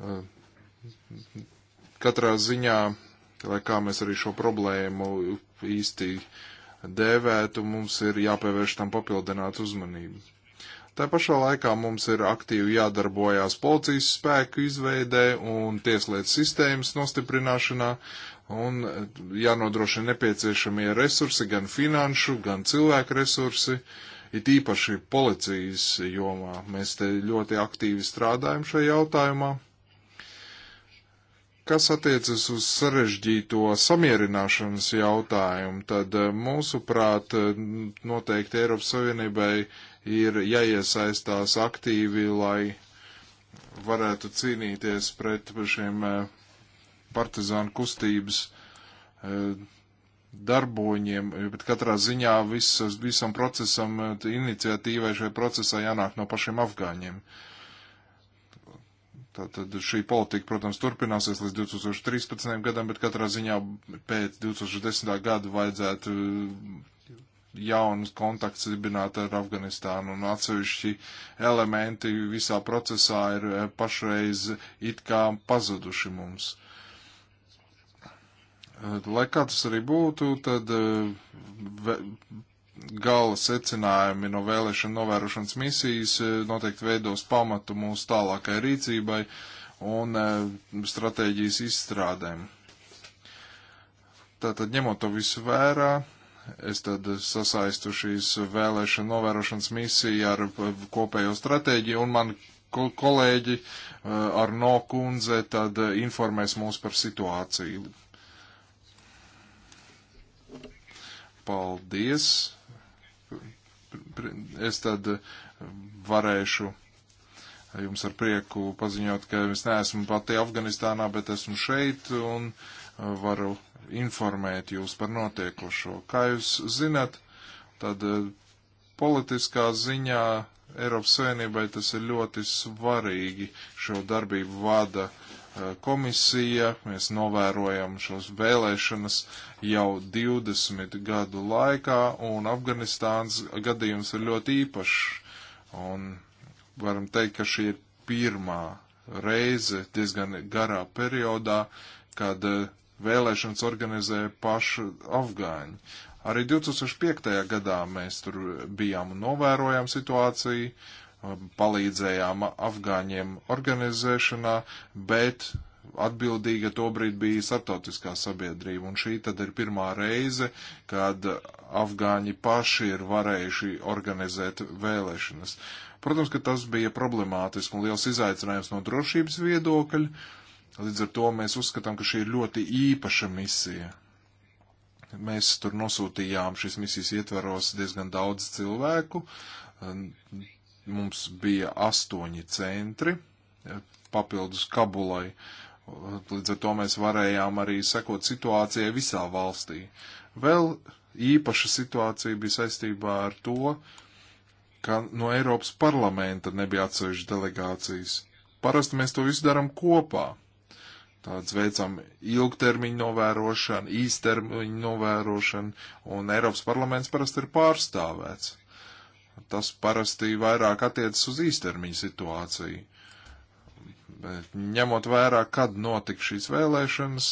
Uh, katrā ziņā, lai kā mēs arī šo problēmu īsti dēvētu, mums ir jāpievērš tam papildināt uzmanību. Tā pašā laikā mums ir aktīvi jādarbojās policijas spēku izveidē un tieslietu sistēmas nostiprināšanā, un eh, jānodrošina nepieciešamie resursi, gan finanšu, gan cilvēku resursi, it īpaši policijas jomā. Mēs te ļoti aktīvi strādājam šajā jautājumā. Kas attiecas uz sarežģīto samierināšanas jautājumu, tad eh, mūsuprāt eh, noteikti Eiropas Savienībai ir jāiesaistās aktīvi, lai varētu cīnīties pret šiem partizānu kustības e, darboņiem, bet katrā ziņā visas, visam procesam, e, iniciatīvai šai procesā jānāk no pašiem afgāņiem. Tātad šī politika, protams, turpināsies līdz 2013. gadam, bet katrā ziņā pēc 2010. gada vajadzētu e, jaunus kontakts dibināt ar Afganistānu un atsevišķi elementi visā procesā ir pašreiz it kā pazuduši mums. Uh, Lai kā tas arī būtu, tad eh, gala secinājumi no vēlēšana novērošanas misijas eh, noteikti veidos pamatu mūsu tālākai rīcībai un eh, stratēģijas izstrādēm. Tātad, ņemot to visu vērā, es tad sasaistu šīs vēlēšana novērošanas misiju ar kopējo stratēģiju, un man kolēģi ar no kundze tad informēs mūs par situāciju paldies. Es tad varēšu jums ar prieku paziņot, ka es neesmu pati Afganistānā, bet esmu šeit un varu informēt jūs par notiekošo. Kā jūs zinat, tad eh, politiskā ziņā Eiropas Savienībai tas ir ļoti svarīgi. Šo darbību vada Eh, komisija, mēs novērojam šos vēlēšanas jau 20 gadu laikā, un Afganistāns gadījums ir ļoti īpašs. Un varam teikt, ka šī ir pirmā reize diezgan garā periodā, kad eh, vēlēšanas organizēja paši afgāņi. Arī 2005. gadā mēs tur bijām un novērojām situāciju, Um, palīdzējām afgāņiem organizēšanā, bet atbildīga tobrīd bija starptautiskā sabiedrība, un šī tad ir pirmā reize, kad afgāņi paši ir varējuši organizēt vēlēšanas. Protams, ka tas bija problemātiski un liels izaicinājums no drošības viedokļa, līdz ar to mēs uzskatām, ka šī ir ļoti īpaša misija. Mēs tur nosūtījām šīs misijas ietveros diezgan daudz cilvēku, mums bija astoņi centri papildus Kabulai. Līdz ar to mēs varējām arī sekot situācijai visā valstī. Vēl īpaša situācija bija saistībā ar to, ka no Eiropas parlamenta nebija atsevišķas delegācijas. Parasti mēs to visu darām kopā. Tāds veicam ilgtermiņu novērošanu, īstermiņu novērošanu, un Eiropas parlaments parasti ir pārstāvēts tas parasti vairāk attiecas uz īstermiņa situāciju. Bet ņemot vērā, kad notika šīs vēlēšanas,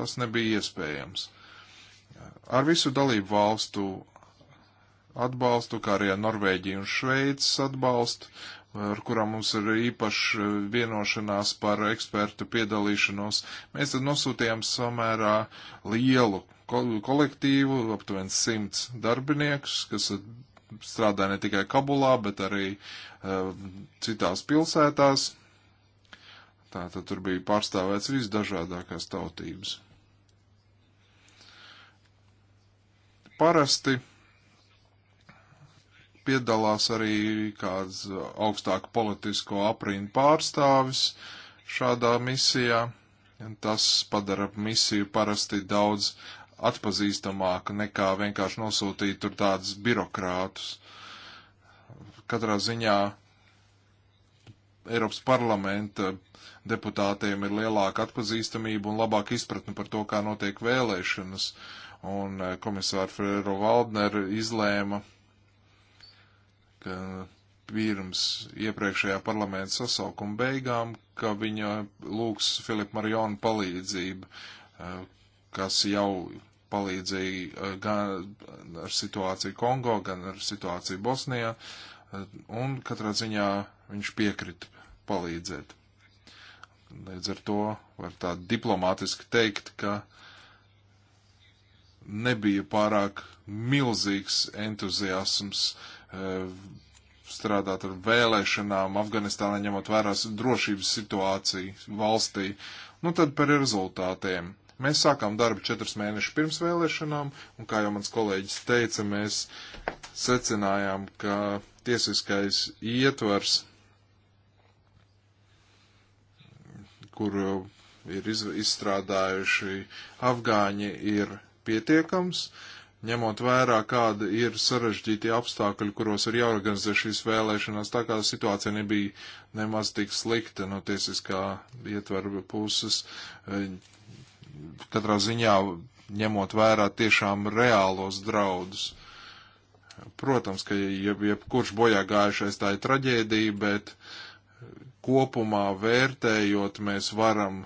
tas nebija iespējams. Ar visu dalību valstu atbalstu, kā arī ar Norvēģiju un Šveicas atbalstu, ar kurām mums ir īpaši vienošanās par ekspertu piedalīšanos, mēs tad nosūtījām samērā lielu kolektīvu, aptuveni simts darbiniekus, kas strādāja ne tikai Kabulā, bet arī uh, citās pilsētās. Tātad tur bija pārstāvēts visdažādākās tautības. Parasti piedalās arī kāds augstāk politisko aprīnu pārstāvis šādā misijā. Tas padara misiju parasti daudz atpazīstamāka nekā vienkārši nosūtīt tur tādus birokrātus. Katrā ziņā Eiropas parlamenta deputātiem ir lielāka atpazīstamība un labāka izpratne par to, kā notiek vēlēšanas. Un eh, komisāra Ferrero Valdner izlēma, ka pirms iepriekšējā parlamenta sasaukuma beigām, ka viņa lūgs Filipa Marionu palīdzību, eh, kas jau palīdzēja eh, gan ar situāciju Kongo, gan ar situāciju Bosnijā, eh, un katrā ziņā viņš piekrita palīdzēt. Līdz ar to var tā diplomātiski teikt, ka nebija pārāk milzīgs entuziasms eh, strādāt ar vēlēšanām Afganistānā, ņemot vērās drošības situāciju valstī. Nu tad par rezultātiem. Uh, Mēs sākām darbu četrus mēnešus pirms vēlēšanām, un kā jau mans kolēģis teica, mēs secinājām, ka tiesiskais ietvars, kur ir izstrādājuši afgāņi, ir pietiekams, ņemot vērā, kāda ir sarežģītie apstākļi, kuros ir jāorganizē šīs vēlēšanās, tā kā situācija nebija nemaz tik slikta no tiesiskā ietvara puses. Uh, katrā ziņā ņemot vērā tiešām reālos draudus. Protams, ka jeb, jebkurš bojā gājušais tā ir traģēdija, bet kopumā vērtējot mēs varam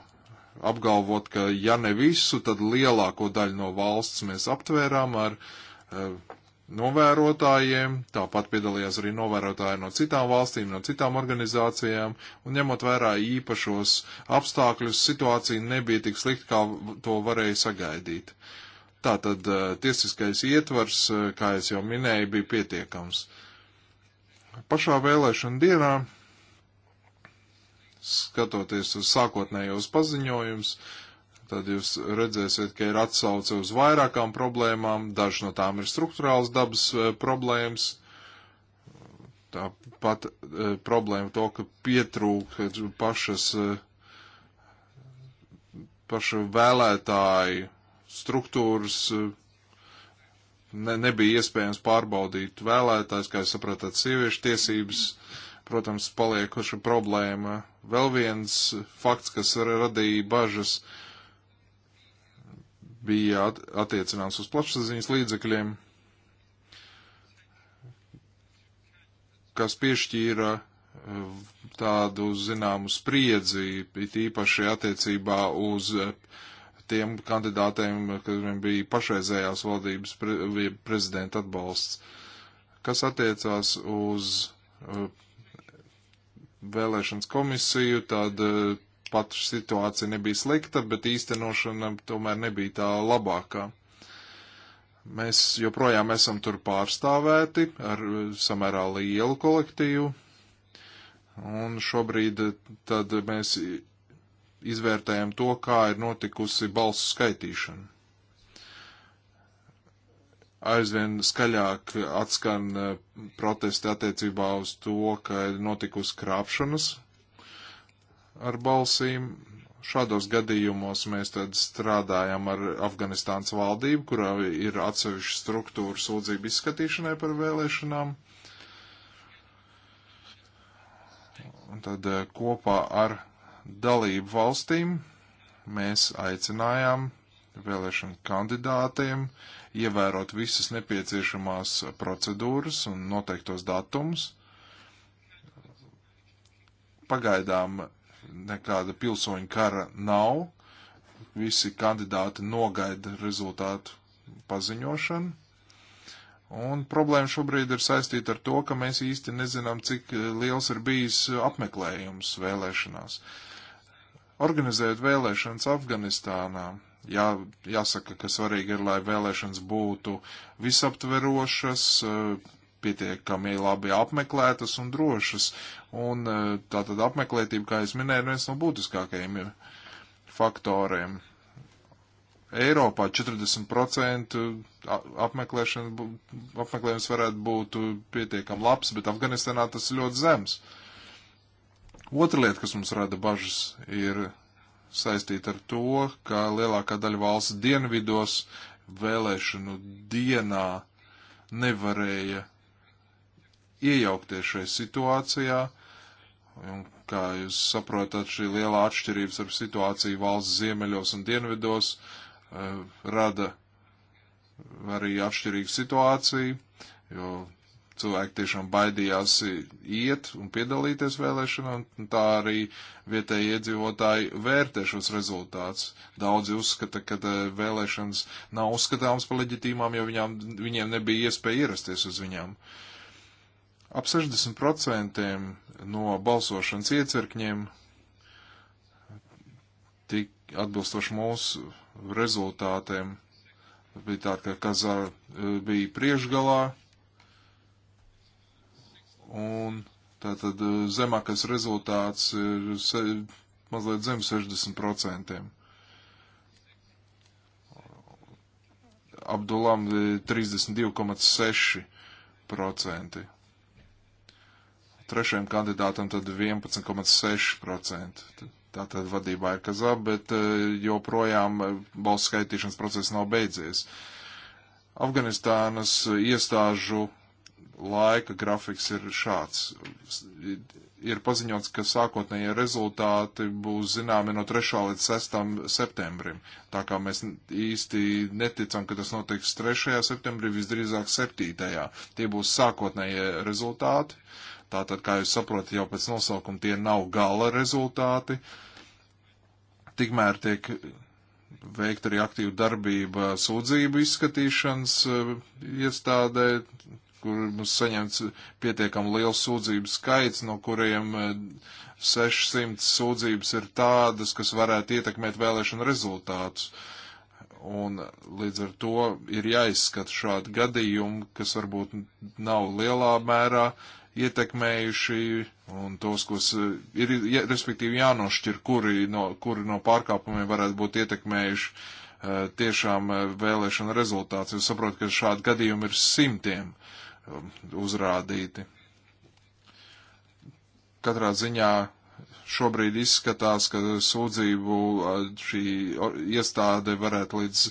apgalvot, ka ja ne visu, tad lielāko daļu no valsts mēs aptvērām ar uh, novērotājiem, tāpat piedalījās arī novērotāji no citām valstīm, no citām organizācijām, un ņemot vērā īpašos apstākļus, situācija nebija tik slikta, kā to varēja sagaidīt. Tātad eh, tiesiskais ietvars, eh, kā es jau minēju, bija pietiekams. Pašā vēlēšana dienā, skatoties uz sākotnējos paziņojumus, uh, tad jūs redzēsiet, ka ir atsauce uz vairākām problēmām, dažas no tām ir struktūrāls dabas e, problēmas. Tāpat e, problēma to, ka pietrūk pašas, e, paša vēlētāju struktūras, ne, nebija iespējams pārbaudīt vēlētājs, kā jūs saprotat, sieviešu tiesības, protams, paliekuša problēma vēl viens fakts, kas radīja bažas, bija attiecināms uz plašsaziņas līdzekļiem, kas piešķīra eh, tādu zināmu spriedzi, it īpaši attiecībā uz eh, tiem kandidātiem, kuriem bija pašreizējās valdības pre prezidenta atbalsts, kas attiecās uz eh, vēlēšanas komisiju, tad pat situācija nebija slikta, bet īstenošana tomēr nebija tā labākā. Mēs joprojām esam tur pārstāvēti ar samērā lielu kolektīvu, un šobrīd tad mēs izvērtējam to, kā ir notikusi balsu skaitīšana. Aizvien skaļāk atskan protesti attiecībā uz to, ka ir notikusi krāpšanas ar balsīm. Šādos gadījumos mēs tad strādājam ar Afganistānas valdību, kurā ir atsevišķa struktūra sūdzību izskatīšanai par vēlēšanām. Un tad eh, kopā ar dalību valstīm mēs aicinājām vēlēšanu kandidātiem ievērot visas nepieciešamās procedūras un noteiktos datumus. Pagaidām nekāda pilsoņu kara nav. Visi kandidāti nogaida rezultātu paziņošanu. Un problēma šobrīd ir saistīta ar to, ka mēs īsti nezinām, cik eh, liels ir bijis apmeklējums vēlēšanās. Organizējot vēlēšanas Afganistānā, jā, jāsaka, ka svarīgi ir, lai vēlēšanas būtu visaptverošas, eh, pietiekami labi apmeklētas un drošas. Un e, tātad apmeklētība, kā es minēju, ir viens no būtiskākajiem faktoriem. Eiropā 40% apmeklējums varētu būt pietiekami labs, bet Afganistānā tas ir ļoti zems. Otra lieta, kas mums rada bažas, ir saistīta ar to, ka lielākā daļa valsts dienvidos vēlēšanu dienā nevarēja iejaukties šajā situācijā. Un, kā jūs saprotat, šī lielā atšķirības ar situāciju valsts ziemeļos un dienvidos uh, rada arī atšķirīgu situāciju, jo cilvēki tiešām baidījās iet un piedalīties vēlēšanā, un tā arī vietēji iedzīvotāji vērtē šos rezultātus. Daudzi uzskata, ka eh, vēlēšanas nav uzskatāmas par leģitīmām, jo viņām, viņiem nebija iespēja ierasties uz viņām. Uh, Ap 60% no balsošanas iecirkņiem tik atbilstoši mūsu rezultātiem bija tā, ka Kazara e, bija priekšgalā un tātad e, zemākais rezultāts ir se, mazliet zem 60%. Abdulam 32,6%. E, trešajam kandidātam tad 11,6%. Tātad vadībā ir Kazā, bet e, joprojām e, balsu skaitīšanas process nav beidzies. Afganistānas iestāžu laika grafiks ir šāds. Ir paziņots, ka sākotnējie rezultāti būs zināmi no 3. līdz 6. septembrim. Tā kā mēs īsti neticam, ka tas notiks 3. septembrī, visdrīzāk 7. Tie būs sākotnējie rezultāti. Uh, Tātad, kā jūs saprotat, jau pēc nosaukuma tie nav gala rezultāti. Tikmēr tiek veikt arī aktīva darbība sūdzību izskatīšanas eh, iestādē, kur mums saņemts pietiekami liels sūdzību skaits, no kuriem 600 eh, sūdzības ir tādas, kas varētu ietekmēt vēlēšanu rezultātus. Un līdz ar to ir jāizskata šādi gadījumi, kas varbūt nav lielā mērā ietekmējuši un tos, kas eh, ir, respektīvi, jānošķir, kuri no, kuri no pārkāpumiem varētu būt ietekmējuši eh, tiešām eh, vēlēšana rezultāts. Jūs saprotat, ka šādi gadījumi ir simtiem um, uzrādīti. Katrā ziņā šobrīd izskatās, ka sūdzību šī iestāde varētu līdz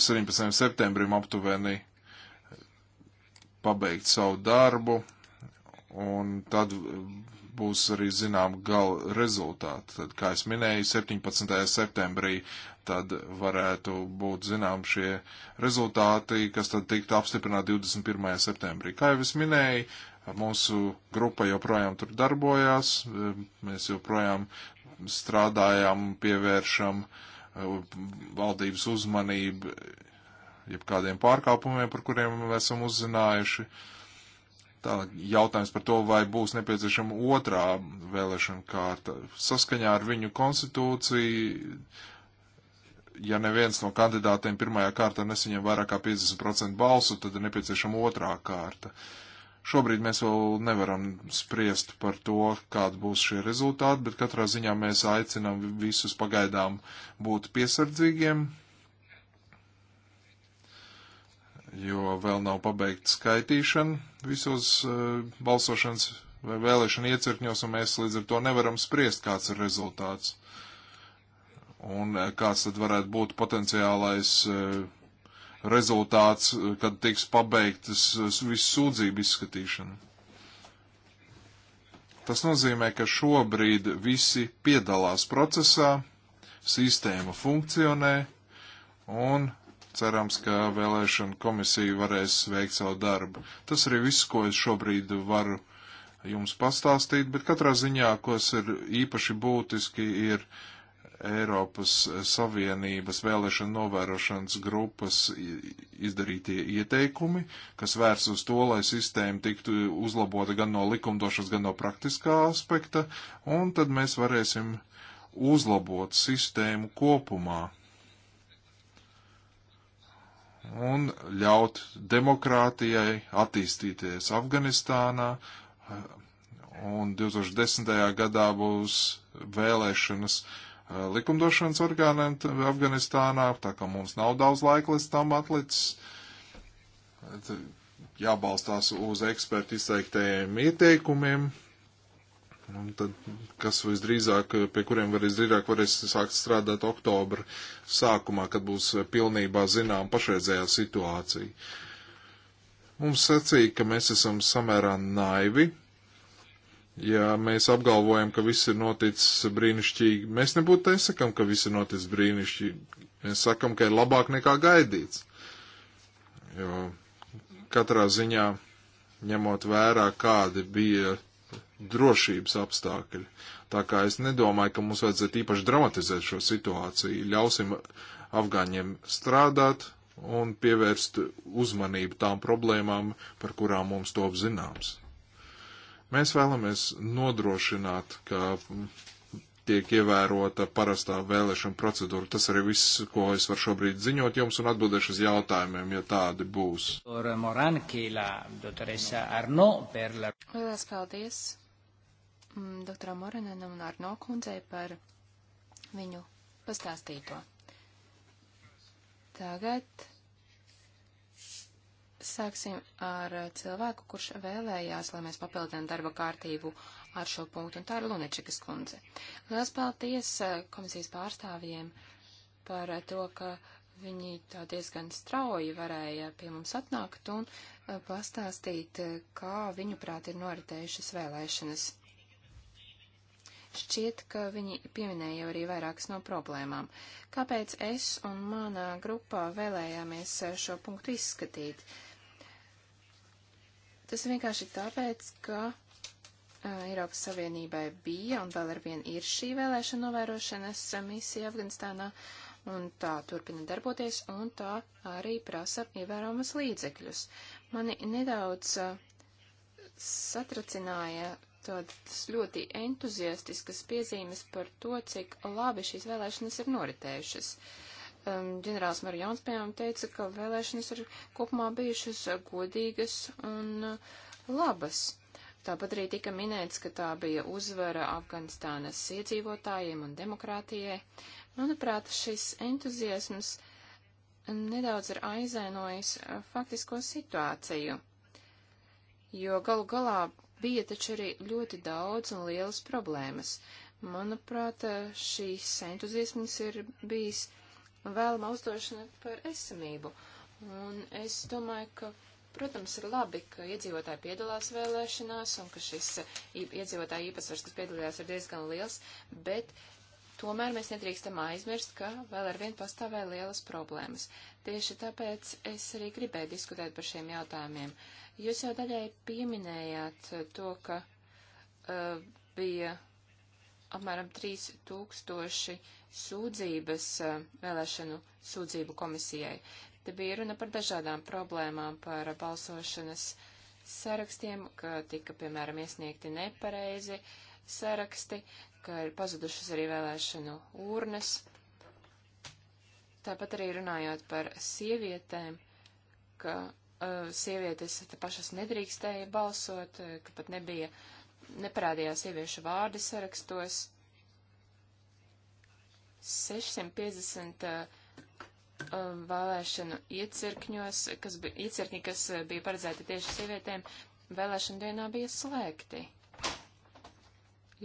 17. septembrim aptuveni pabeigt savu darbu un tad eh, būs arī zinām gala rezultāti. Tad, kā es minēju, 17. septembrī tad varētu būt zinām šie rezultāti, kas tad tiktu apstiprināti 21. septembrī. Kā jau es minēju, mūsu grupa joprojām tur darbojās, eh, mēs joprojām strādājam, pievēršam eh, valdības uzmanību jebkādiem pārkāpumiem, par kuriem esam uzzinājuši. Uh, Tālāk jautājums par to, vai būs nepieciešama otrā vēlēšana kārta. Saskaņā ar viņu konstitūciju, ja neviens no kandidātiem pirmajā kārtā nesaņem vairāk kā 50% balsu, tad ir nepieciešama otrā kārta. Šobrīd mēs vēl nevaram spriest par to, kāda būs šie rezultāti, bet katrā ziņā mēs aicinām visus pagaidām būt piesardzīgiem, jo vēl nav pabeigta skaitīšana visos uh, balsošanas vai vēlēšana iecirkņos, un mēs līdz ar to nevaram spriest, kāds ir rezultāts. Un eh, kāds tad varētu būt potenciālais uh, rezultāts, kad tiks pabeigtas visu sūdzību izskatīšana. Tas nozīmē, ka šobrīd visi piedalās procesā, sistēma funkcionē, un Cerams, ka vēlēšana komisija varēs veikt savu darbu. Tas arī viss, ko es šobrīd varu jums pastāstīt, bet katrā ziņā, kas ir īpaši būtiski, ir Eiropas Savienības vēlēšana novērošanas grupas izdarītie ieteikumi, kas vērs uz to, lai sistēma tiktu uzlabota gan no likumdošanas, gan no praktiskā aspekta, un tad mēs varēsim uzlabot sistēmu kopumā un ļaut demokrātijai attīstīties Afganistānā. Un 2010. gadā būs vēlēšanas eh, likumdošanas orgāniem Afganistānā, tā kā mums nav daudz laika līdz tam atlicis. Jābalstās uz ekspertu izteiktajiem ieteikumiem, Un tad, kas visdrīzāk, pie kuriem var visdrīzāk varēs sākt strādāt oktobra sākumā, kad būs pilnībā zinām pašreizējā situācija. Mums sacīja, ka mēs esam samērā naivi, ja mēs apgalvojam, ka viss ir noticis brīnišķīgi. Mēs nebūtu nesakam, ka viss ir noticis brīnišķīgi. Mēs sakam, ka ir labāk nekā gaidīts. Jo katrā ziņā, ņemot vērā, kādi bija drošības apstākļi. Tā kā es nedomāju, ka mums vajadzētu īpaši dramatizēt šo situāciju. Ļausim afgāņiem strādāt un pievērst uzmanību tām problēmām, par kurām mums top zināms. Mēs vēlamies nodrošināt, ka tiek ievērota parastā vēlēšana procedūra. Tas arī viss, ko es varu šobrīd ziņot jums un atbildēšu uz jautājumiem, ja tādi būs. Lielas paldies Mm, doktoram Morenenam un Arno kundzei par viņu pastāstīto. Tagad sāksim ar cilvēku, kurš vēlējās, lai mēs papildinām darba kārtību ar šo punktu, un tā ir Lunečikas kundze. Lielas paldies eh, komisijas pārstāvjiem par to, ka viņi tā diezgan strauji varēja pie mums atnākt un eh, pastāstīt, eh, kā viņuprāt ir noritējušas vēlēšanas. Šķiet, ka viņi pieminēja arī vairākas no problēmām. Kāpēc es un manā grupā vēlējāmies šo punktu izskatīt? Tas vienkārši tāpēc, ka Eiropas Savienībai bija un vēl arvien ir šī vēlēšana novērošanas misija Afganistānā, un tā turpina darboties, un tā arī prasa ievēromas līdzekļus. Mani nedaudz satracināja tādas ļoti entuziastiskas piezīmes par to, cik labi šīs vēlēšanas ir noritējušas. Um, ģenerālis Marjons, piemēram, teica, ka vēlēšanas ir kopumā bijušas godīgas un uh, labas. Tāpat arī tika minēts, ka tā bija uzvara Afganistānas iedzīvotājiem un demokrātijai. Manuprāt, šis entuziasms nedaudz ir aizainojis uh, faktisko situāciju, jo galu galā bija taču arī ļoti daudz un lielas problēmas. Manuprāt, šīs entuziasms ir bijis vēlama uzdošana par esamību. Un es domāju, ka, protams, ir labi, ka iedzīvotāji piedalās vēlēšanās un ka šis eh, iedzīvotāji īpatsvars, kas piedalījās, ir diezgan liels, bet tomēr mēs nedrīkstam aizmirst, ka vēl ar vienu pastāvēja lielas problēmas. Tieši tāpēc es arī gribēju diskutēt par šiem jautājumiem. Uh, Jūs jau daļai pieminējāt to, ka uh, bija apmēram 3000 sūdzības uh, vēlēšanu sūdzību komisijai. Te bija runa par dažādām problēmām, par balsošanas sarakstiem, ka tika, piemēram, iesniegti nepareizi saraksti, ka ir pazudušas arī vēlēšanu urnas. Tāpat arī runājot par sievietēm, ka Uh, sievietes pašas nedrīkstēja balsot, uh, ka pat nebija, neparādījās sieviešu vārdi sarakstos. 650 uh, vēlēšanu iecirkņos, kas bija, iecirkņi, kas bija paredzēti tieši sievietēm, vēlēšana dienā bija slēgti.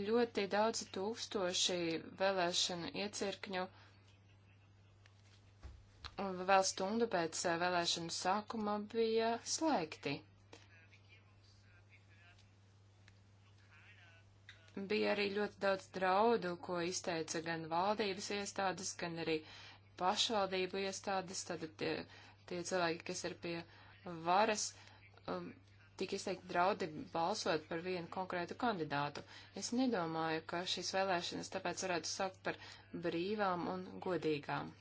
Ļoti daudzi tūkstoši vēlēšanu iecirkņu uh, vēl stundu pēc eh, vēlēšanu sākuma bija slēgti. Bija arī ļoti daudz draudu, ko izteica gan valdības iestādes, gan arī pašvaldību iestādes, tad tie, tie cilvēki, kas ir pie varas, um, tika izteikti draudi balsot par vienu konkrētu kandidātu. Es nedomāju, ka šīs vēlēšanas tāpēc varētu saukt par brīvām un godīgām.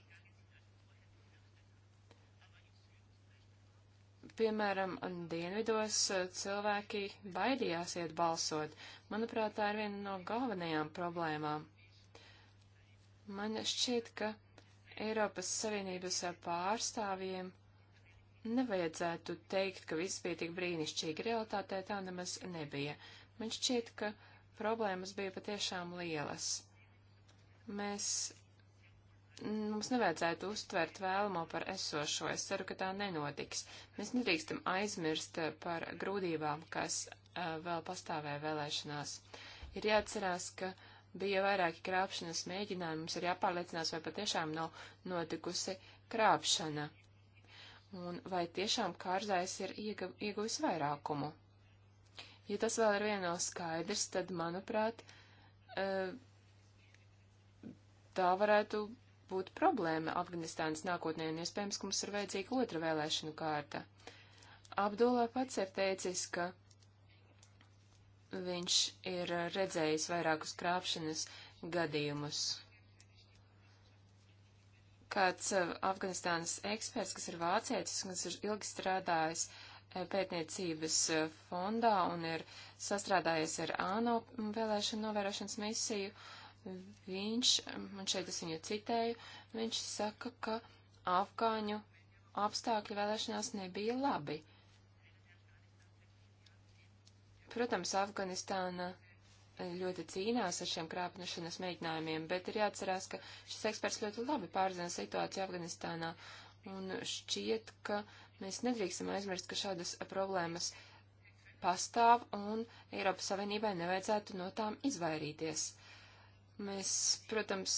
Piemēram, dienvidos eh, cilvēki baidījās iet balsot. Manuprāt, tā ir viena no galvenajām problēmām. Man šķiet, ka Eiropas Savienības pārstāvjiem nevajadzētu teikt, ka viss bija tik brīnišķīgi. Realtātē tā nemaz nebija. Man šķiet, ka problēmas bija patiešām lielas. Mēs mums nevajadzētu uztvert vēlamo par esošo. Es ceru, ka tā nenotiks. Mēs nedrīkstam aizmirst par grūtībām, kas uh, vēl pastāvēja vēlēšanās. Ir jāatcerās, ka bija vairāki krāpšanas mēģinājumi, mums ir jāpārliecinās, vai patiešām nav notikusi krāpšana. Un vai tiešām kārzais ir ieguvis vairākumu? Ja tas vēl ir vien nav skaidrs, tad, manuprāt, uh, tā varētu būtu problēma Afganistānas nākotnē, un iespējams, ka mums ir vajadzīga otra vēlēšanu kārta. Abdullah pats ir teicis, ka viņš ir redzējis vairākus krāpšanas gadījumus. Kāds uh, Afganistānas eksperts, kas ir vācietis, kas ir ilgi strādājis uh, pētniecības uh, fondā un ir sastrādājies ar ANO vēlēšanu novērošanas misiju, uh, viņš, un šeit es viņu citēju, viņš saka, ka afgāņu apstākļi vēlēšanās nebija labi. Protams, Afganistāna ļoti cīnās ar šiem krāpniešanas mēģinājumiem, bet ir jāatcerās, ka šis eksperts ļoti labi pārzina situāciju Afganistānā, un šķiet, ka mēs nedrīkstam aizmirst, ka šādas problēmas pastāv, un Eiropas Savienībai nevajadzētu no tām izvairīties. Mēs, protams,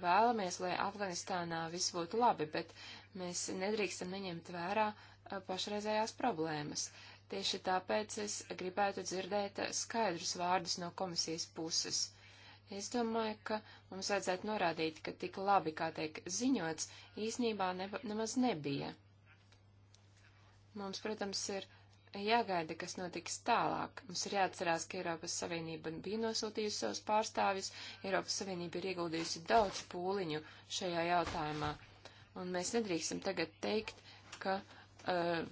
vēlamies, lai Afganistānā viss būtu labi, bet mēs nedrīkstam neņemt vērā pašreizējās problēmas. Tieši tāpēc es gribētu dzirdēt skaidrus vārdus no komisijas puses. Es domāju, ka mums vajadzētu norādīt, ka tik labi, kā tiek ziņots, īsnībā ne, nemaz nebija. Mums, protams, ir jāgaida, kas notiks tālāk. Mums ir jāatcerās, ka Eiropas Savienība bija nosūtījusi savus pārstāvjus, Eiropas Savienība ir ieguldījusi daudz pūliņu šajā jautājumā. Un mēs nedrīkstam tagad teikt, ka uh,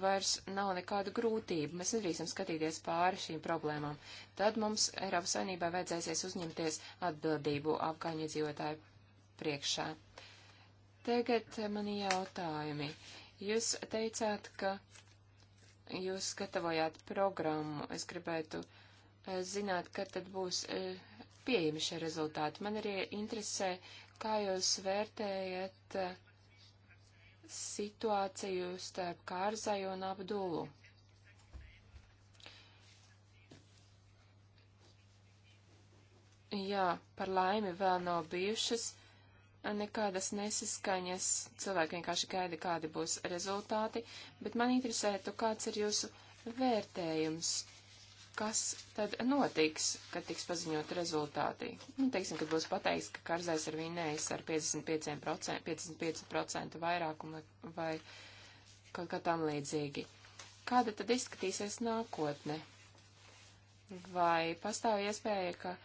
vairs nav nekādu grūtību. Mēs nedrīkstam skatīties pāri šīm problēmām. Tad mums Eiropas Savienībā vajadzēsies uzņemties atbildību afgāņu dzīvotāju priekšā. Tagad mani jautājumi. Jūs teicāt, ka jūs gatavojāt programmu. Es gribētu eh, zināt, kad tad būs eh, pieejami šie rezultāti. Man arī interesē, kā jūs vērtējat eh, situāciju starp Kārzaju un Abdulu. Jā, par laimi vēl nav bijušas nekādas nesaskaņas, cilvēki vienkārši gaida, kādi būs rezultāti, bet man interesētu, kāds ir jūsu vērtējums, kas tad notiks, kad tiks paziņot rezultāti. Nu, teiksim, kad būs pateikts, ka Karzais ir vinējis ar 55%, 55% vairākumu vai kaut kā tam līdzīgi. Kāda tad izskatīsies nākotne? Vai pastāv iespēja, ka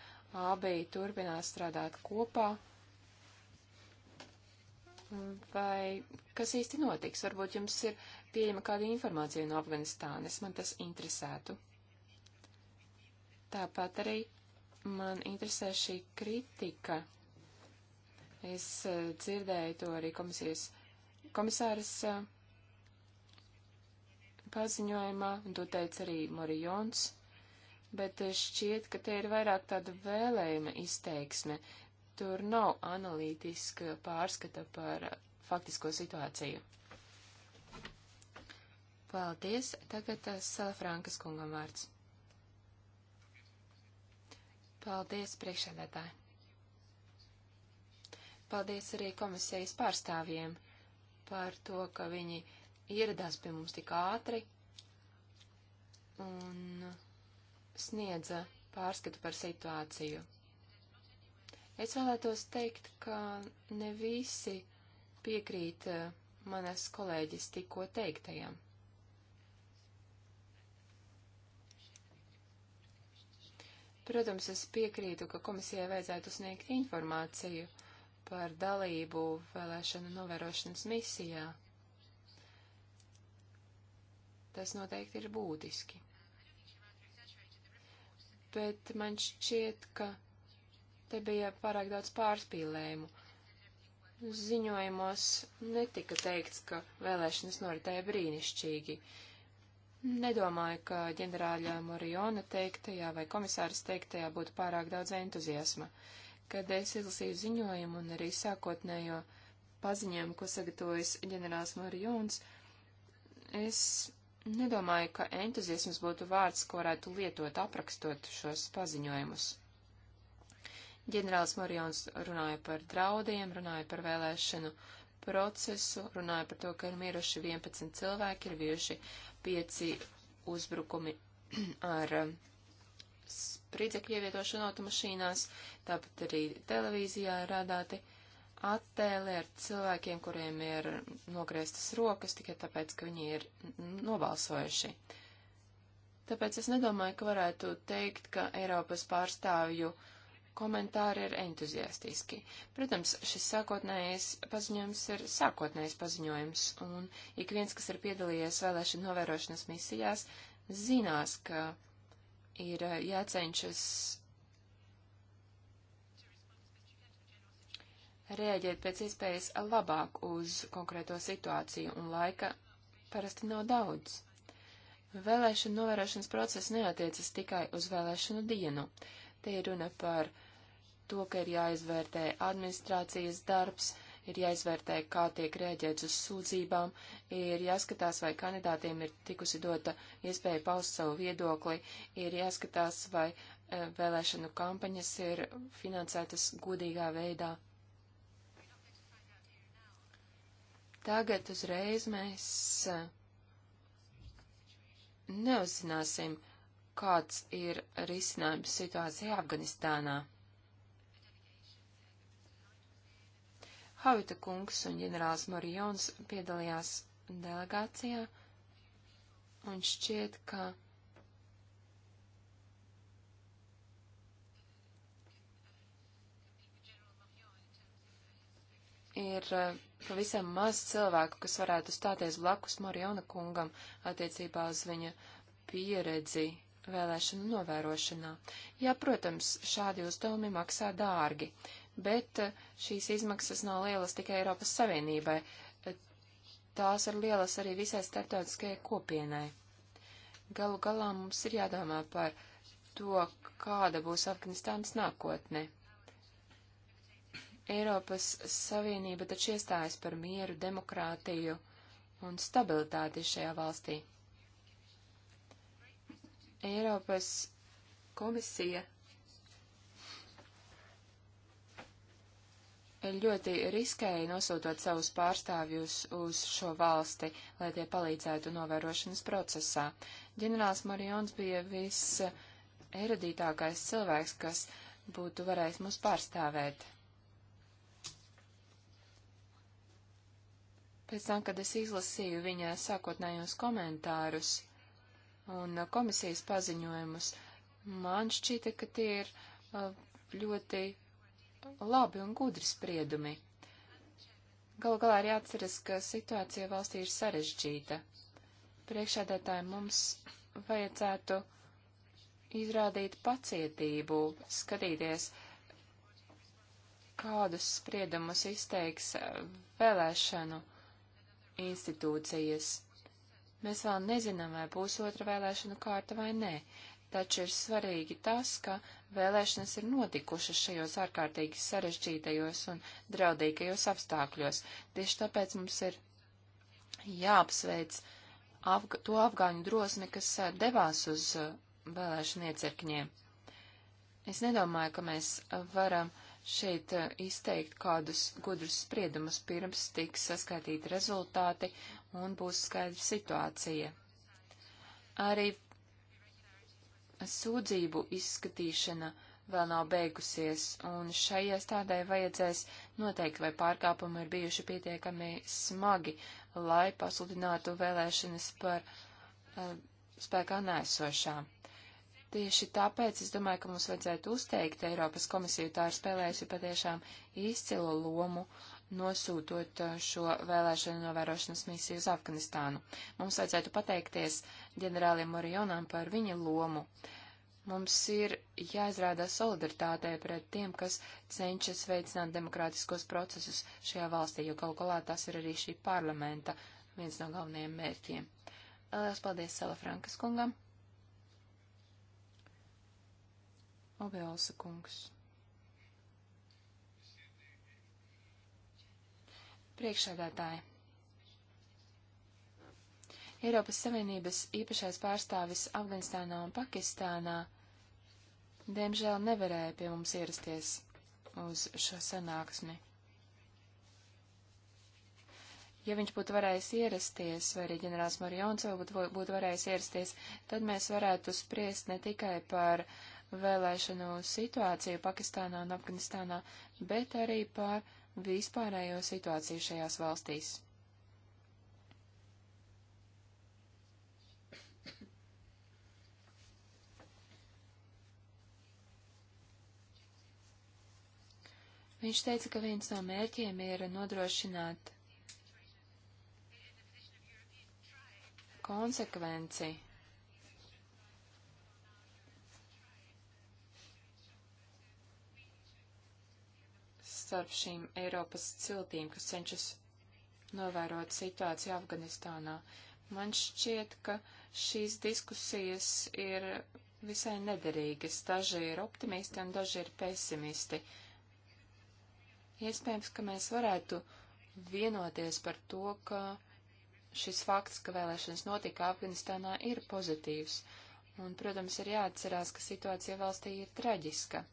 abi turpinās strādāt kopā? vai kas īsti notiks. Varbūt jums ir pieejama kāda informācija no Afganistānas, man tas interesētu. Tāpat arī man interesē šī kritika. Es eh, dzirdēju to arī komisijas komisāras eh, paziņojumā, un to teica arī Morijons, bet eh, šķiet, ka te ir vairāk tāda vēlējuma izteiksme. Uh, tur nav analītiska pārskata par faktisko situāciju. Paldies. Tagad eh, Salafrankas kungam vārds. Paldies, priekšsēdētāji. Paldies arī komisijas pārstāvjiem par to, ka viņi ieradās pie mums tik ātri un sniedza pārskatu par situāciju. Es vēlētos teikt, ka ne visi piekrīt eh, manas kolēģis tikko teiktajam. Protams, es piekrītu, ka komisijai vajadzētu sniegt informāciju par dalību vēlēšanu novērošanas misijā. Tas noteikti ir būtiski. Bet man šķiet, ka Te bija pārāk daudz pārspīlējumu. Ziņojumos netika teikts, ka vēlēšanas noritēja brīnišķīgi. Nedomāju, ka ģenerāļa Moriona teiktajā vai komisāras teiktajā būtu pārāk daudz entuziasma. Kad es izlasīju ziņojumu un arī sākotnējo paziņojumu, ko sagatavojas ģenerālis Morions, es nedomāju, ka entuziasms būtu vārds, ko varētu lietot aprakstot šos paziņojumus. Ģenerālis Morjons runāja par draudiem, runāja par vēlēšanu procesu, runāja par to, ka ir miruši 11 cilvēki, ir bijuši 5 uzbrukumi [CLEARS THROAT] ar um, spridzekļu ievietošanu automašīnās, tāpat arī televīzijā ir rādāti attēli ar cilvēkiem, kuriem ir nogrieztas rokas tikai tāpēc, ka viņi ir nobalsojuši. Tāpēc es nedomāju, ka varētu teikt, ka Eiropas pārstāvju uh, komentāri ir entuziastiski. Protams, šis sākotnējais paziņojums ir sākotnējais paziņojums, un ik viens, kas ir piedalījies vēlēšana novērošanas misijās, zinās, ka ir eh, jāceņšas reaģēt pēc iespējas labāk uz konkrēto situāciju, un laika parasti nav daudz. Vēlēšana novērošanas process neatiecas tikai uz vēlēšanu dienu. Te ir runa par to, ka ir jāizvērtē administrācijas darbs, ir jāizvērtē, kā tiek rēģēts uz sūdzībām, ir jāskatās, vai kandidātiem ir tikusi dota iespēja paust savu viedokli, ir jāskatās, vai e, vēlēšanu kampaņas ir finansētas godīgā veidā. Tagad uzreiz mēs e, neuzzināsim, kāds ir risinājums situācija Afganistānā. Havita kungs un ģenerālis Morijons piedalījās delegācijā, un šķiet, ka ir eh, pavisam maz cilvēku, kas varētu stāties blakus Morijona kungam attiecībā uz viņa pieredzi vēlēšanu novērošanā. Jā, protams, šādi uzdevumi maksā dārgi. Uh, bet eh, šīs izmaksas nav lielas tikai Eiropas Savienībai. Eh, tās ir lielas arī visai starptautiskajai kopienai. Galu galā mums ir jādomā par to, kāda būs Afganistānas nākotne. Eiropas Savienība taču iestājas par mieru, demokrātiju un stabilitāti šajā valstī. Eiropas komisija ļoti riskēja nosūtot savus pārstāvjus uz šo valsti, lai tie palīdzētu novērošanas procesā. Ģenerālis Marions bija viss erudītākais cilvēks, kas būtu varējis mūs pārstāvēt. Pēc tam, kad es izlasīju viņa sākotnējos komentārus un komisijas paziņojumus, man šķita, ka tie ir uh, ļoti labi un gudri spriedumi. Galu galā ir jāatceras, ka situācija valstī ir sarežģīta. Priekšādētāji mums vajadzētu izrādīt pacietību, skatīties, kādus spriedumus izteiks vēlēšanu institūcijas. Mēs vēl nezinām, vai būs otra vēlēšanu kārta vai nē, taču ir svarīgi tas, ka Vēlēšanas ir notikušas šajos ārkārtīgi sarežģītajos un draudīgajos apstākļos. Tieši tāpēc mums ir jāapsveic Afga to afgāņu drosmi, kas devās uz vēlēšanu iecirkņiem. Es nedomāju, ka mēs varam šeit izteikt kādus gudrus spriedumus pirms tiks saskaitīti rezultāti un būs skaidra situācija. Arī sūdzību izskatīšana vēl nav beigusies, un šai iestādē vajadzēs noteikt, vai pārkāpumi ir bijuši pietiekami smagi, lai pasludinātu vēlēšanas par uh, spēkā nēsošām. Tieši tāpēc es domāju, ka mums vajadzētu uzteikt Eiropas komisiju, tā ir spēlējusi patiešām izcilu lomu, nosūtot eh, šo vēlēšanu novērošanas misiju uz Afganistānu. Mums vajadzētu pateikties uh, ģenerālim Marionam par viņa lomu. Mums ir jāizrādā solidaritātē pret tiem, kas cenšas veicināt demokrātiskos procesus šajā valstī, jo kaut galā tas ir arī šī parlamenta viens no galvenajiem mērķiem. Lielas paldies Sala Frankas kungam. Obielsa kungs. Priekšsēdētāji. Eiropas Savienības īpašais pārstāvis Afganistānā un Pakistānā diemžēl nevarēja pie mums ierasties uz šo sanāksmi. Ja viņš būtu varējis ierasties, vai arī ģenerālis Marijons būtu, būtu varējis ierasties, tad mēs varētu spriest ne tikai par vēlēšanu situāciju Pakistānā un Afganistānā, bet arī par vispārējo situāciju šajās valstīs. Viņš teica, ka viens no mērķiem ir nodrošināt konsekvenci. starp šīm Eiropas ciltīm, kas cenšas novērot situāciju Afganistānā. Man šķiet, ka šīs diskusijas ir visai nederīgas. Daži ir optimisti un daži ir pesimisti. Uh, Iespējams, ka mēs varētu vienoties par to, ka šis fakts, ka vēlēšanas notika Afganistānā, ir pozitīvs. Un, protams, ir jāatcerās, ka situācija valstī ir traģiska.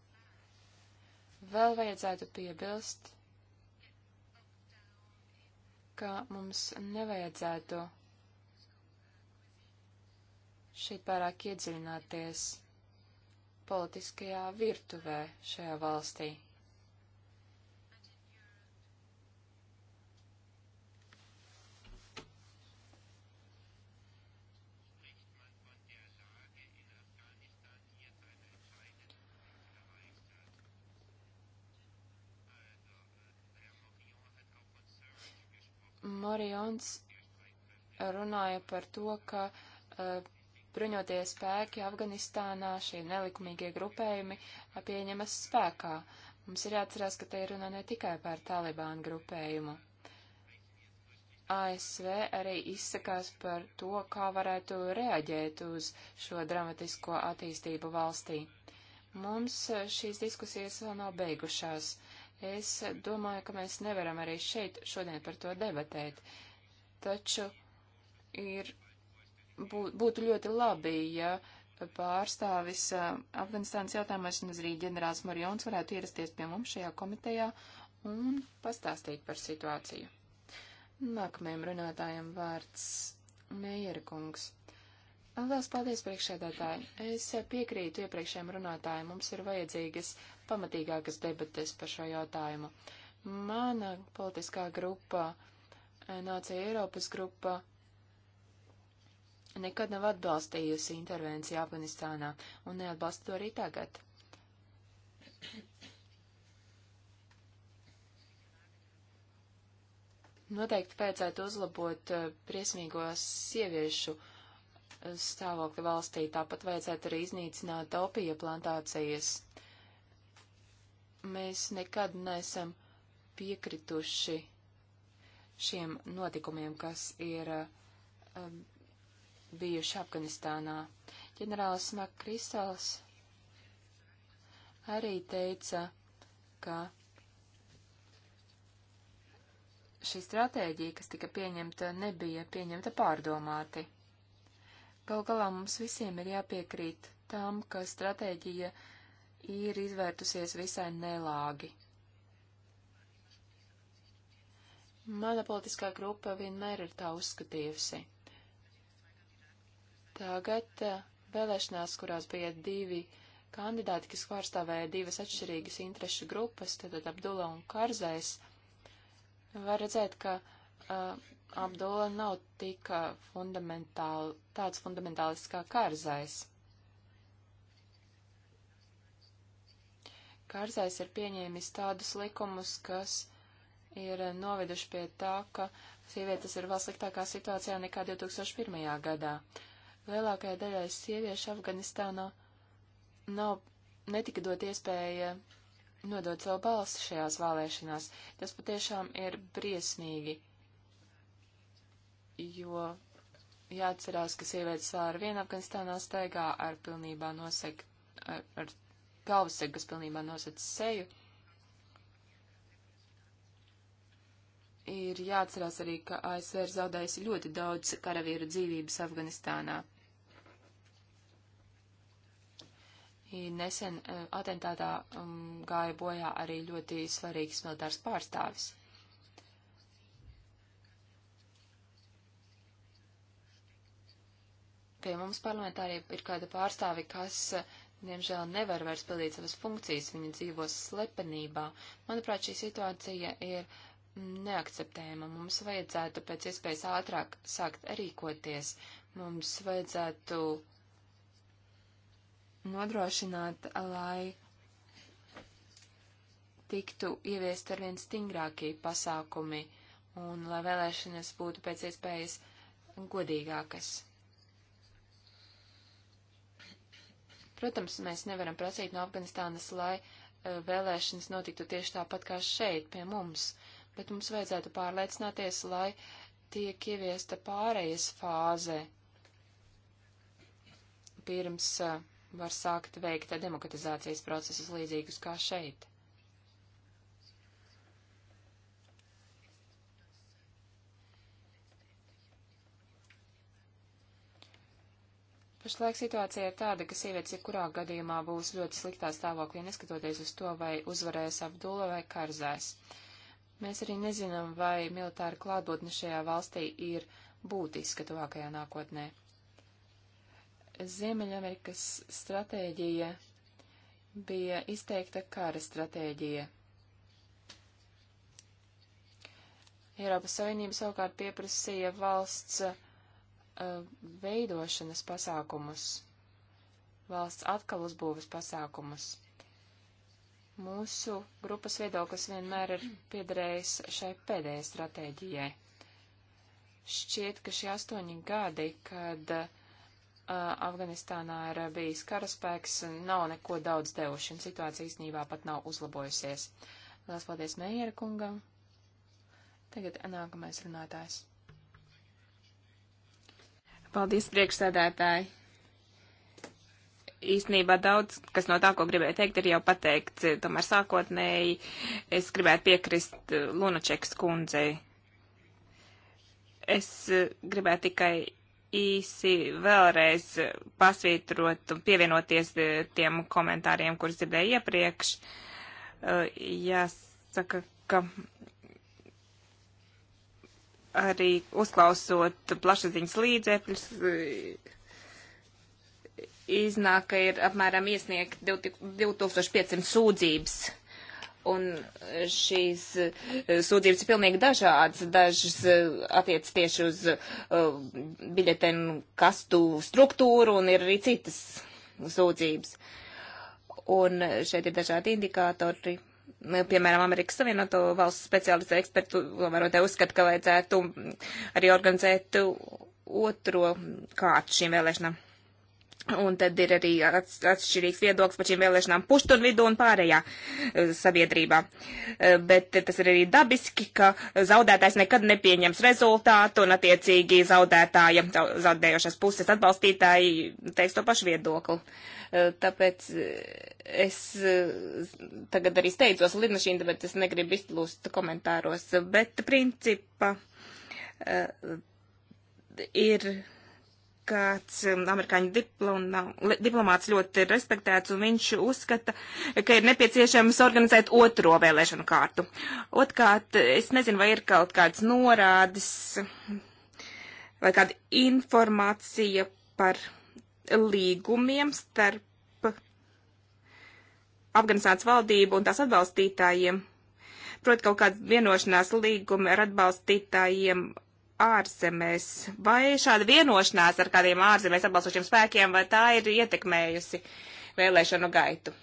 Vēl vajadzētu piebilst, ka mums nevajadzētu šeit pārāk iedziļināties politiskajā virtuvē šajā valstī. Morions eh, runāja par to, ka uh, bruņotie spēki Afganistānā, šie nelikumīgie grupējumi, eh, pieņemas spēkā. Mums ir jāatcerās, ka te ir runa ne tikai par Talibānu grupējumu. ASV arī izsakās par to, kā varētu reaģēt uz šo dramatisko attīstību valstī. Mums šīs diskusijas vēl nav beigušās. Uh, Es domāju, ka mēs nevaram arī šeit šodien par to debatēt, taču ir, bū, būtu ļoti labi, ja pārstāvis Afganistānas jautājumos un arī ģenerālis Marjons varētu ierasties pie mums šajā komitejā un pastāstīt par situāciju. Nākamajam runātājam vārds Meijer kungs. Lielas paldies priekšsēdētāji. Es piekrītu iepriekšējiem runātājiem. Mums ir vajadzīgas pamatīgākas debates par šo jautājumu. Mana politiskā grupa, eh, Nācija Eiropas grupa, nekad nav atbalstījusi intervenciju Afganistānā un neatbalsta to arī tagad. Noteikti vajadzētu uzlabot eh, briesmīgo sieviešu eh, stāvokli valstī, tāpat vajadzētu arī iznīcināt opija plantācijas mēs nekad neesam piekrituši šiem notikumiem, kas ir um, bijuši Afganistānā. Ģenerālis Makristals arī teica, ka šī stratēģija, kas tika pieņemta, nebija pieņemta pārdomāti. Gal galā mums visiem ir jāpiekrīt tam, ka stratēģija uh, ir izvērtusies visai nelāgi. Mana politiskā grupa vienmēr ir tā uzskatījusi. Tagad eh, vēlēšanās, kurās bija divi kandidāti, kas pārstāvēja divas atšķirīgas interešu grupas, tad Abdula un Karzais, var redzēt, ka uh, eh, Abdula nav tik eh, fundamentāli, tāds fundamentālists kā Karzais. Kārzais ir pieņēmis tādus likumus, kas ir noveduši pie tā, ka sievietes ir vēl sliktākā situācijā nekā 2001. gadā. Lielākajai daļai sieviešu Afganistānā nav, netika dot iespēja nodot savu balsi šajās vēlēšanās. Tas patiešām ir briesmīgi, jo jāatcerās, ka sievietes vēl ar vienu Afganistānā staigā ar pilnībā nosekt, ar, ar galvassegu, kas pilnībā nosedz seju. Ir jāatcerās arī, ka ASV ir zaudējusi ļoti daudz karavīru dzīvības Afganistānā. Nesen e, atentātā um, gāja bojā arī ļoti svarīgs militārs pārstāvis. pie mums parlamentāriem ir kāda pārstāve, kas diemžēl nevar vairs pildīt savas funkcijas, viņi dzīvo slepenībā. Manuprāt, šī situācija ir neakceptējama. Mums vajadzētu pēc iespējas ātrāk sākt rīkoties. Mums vajadzētu nodrošināt, lai tiktu ieviest arvien stingrākie pasākumi un lai vēlēšanas būtu pēc iespējas godīgākas. Protams, mēs nevaram prasīt no Afganistānas, lai eh, vēlēšanas notiktu tieši tāpat kā šeit, pie mums, bet mums vajadzētu pārliecināties, lai tiek ieviesta pārējas fāze, pirms eh, var sākt veikt demokratizācijas procesus līdzīgus kā šeit. Pašlaik situācija ir tāda, ka sievietes jebkurā gadījumā būs ļoti sliktā stāvoklī, neskatoties uz to, vai uzvarēs Abdula vai Karzais. Mēs arī nezinām, vai militāra klātbūtne šajā valstī ir būtiska tuvākajā nākotnē. Ziemeļamerikas stratēģija bija izteikta kara stratēģija. Eiropas Savienība savukārt pieprasīja valsts Uh, veidošanas pasākumus, valsts atkal uzbūves pasākumus. Mūsu grupas viedoklis vienmēr ir piederējis šai pēdējai stratēģijai. Šķiet, ka šie astoņi gadi, kad uh, Afganistānā ir bijis karaspēks, nav neko daudz devuši, un situācija īstenībā pat nav uzlabojusies. Lielas paldies Meijera kungam. Tagad nākamais runātājs. Paldies, priekšsēdētāji. Īstenībā daudz, kas no tā, ko gribēju teikt, ir jau pateikts. Eh, tomēr sākotnēji es gribētu piekrist eh, Lunačekas kundzei. Es eh, gribētu tikai īsi vēlreiz pasvītrot un pievienoties tiem komentāriem, kurus dzirdēju iepriekš. Jāsaka, ka arī uzklausot plašsaziņas līdzekļus, iznāk, ka ir apmēram iesniegt 2500 sūdzības. Un šīs eh, sūdzības ir pilnīgi dažādas. Dažas eh, attiec tieši uz eh, biļetenu kastu struktūru un ir arī citas sūdzības. Un šeit ir dažādi indikātori piemēram, Amerikas Savienoto valstu speciālistu ekspertu, novērotē uzskata, ka vajadzētu arī organizēt otro kārtu šīm vēlēšanām. Un tad ir arī atšķirīgs viedoklis par šīm vēlēšanām puštun vidū un pārējā e, sabiedrībā. E, bet tas ir arī dabiski, ka zaudētājs nekad nepieņems rezultātu un attiecīgi zaudētāja, zaudējošās puses atbalstītāji teiks to pašu viedokli. E, tāpēc es tagad arī steidzos lidmašīnu, bet es negribu izplūst komentāros. Bet principa ir kāds um, amerikāņu diploma, diplomāts ļoti respektēts, un viņš uzskata, ka ir nepieciešams organizēt otro vēlēšanu kārtu. Otkārt, es nezinu, vai ir kaut kāds norādes vai kāda informācija par līgumiem starp Afganistānas valdību un tās atbalstītājiem. Proti, kaut kāda vienošanās līguma ar atbalstītājiem ārzemēs. Vai šāda vienošanās ar kādiem ārzemēs atbalstošiem spēkiem, vai tā ir ietekmējusi vēlēšanu gaitu?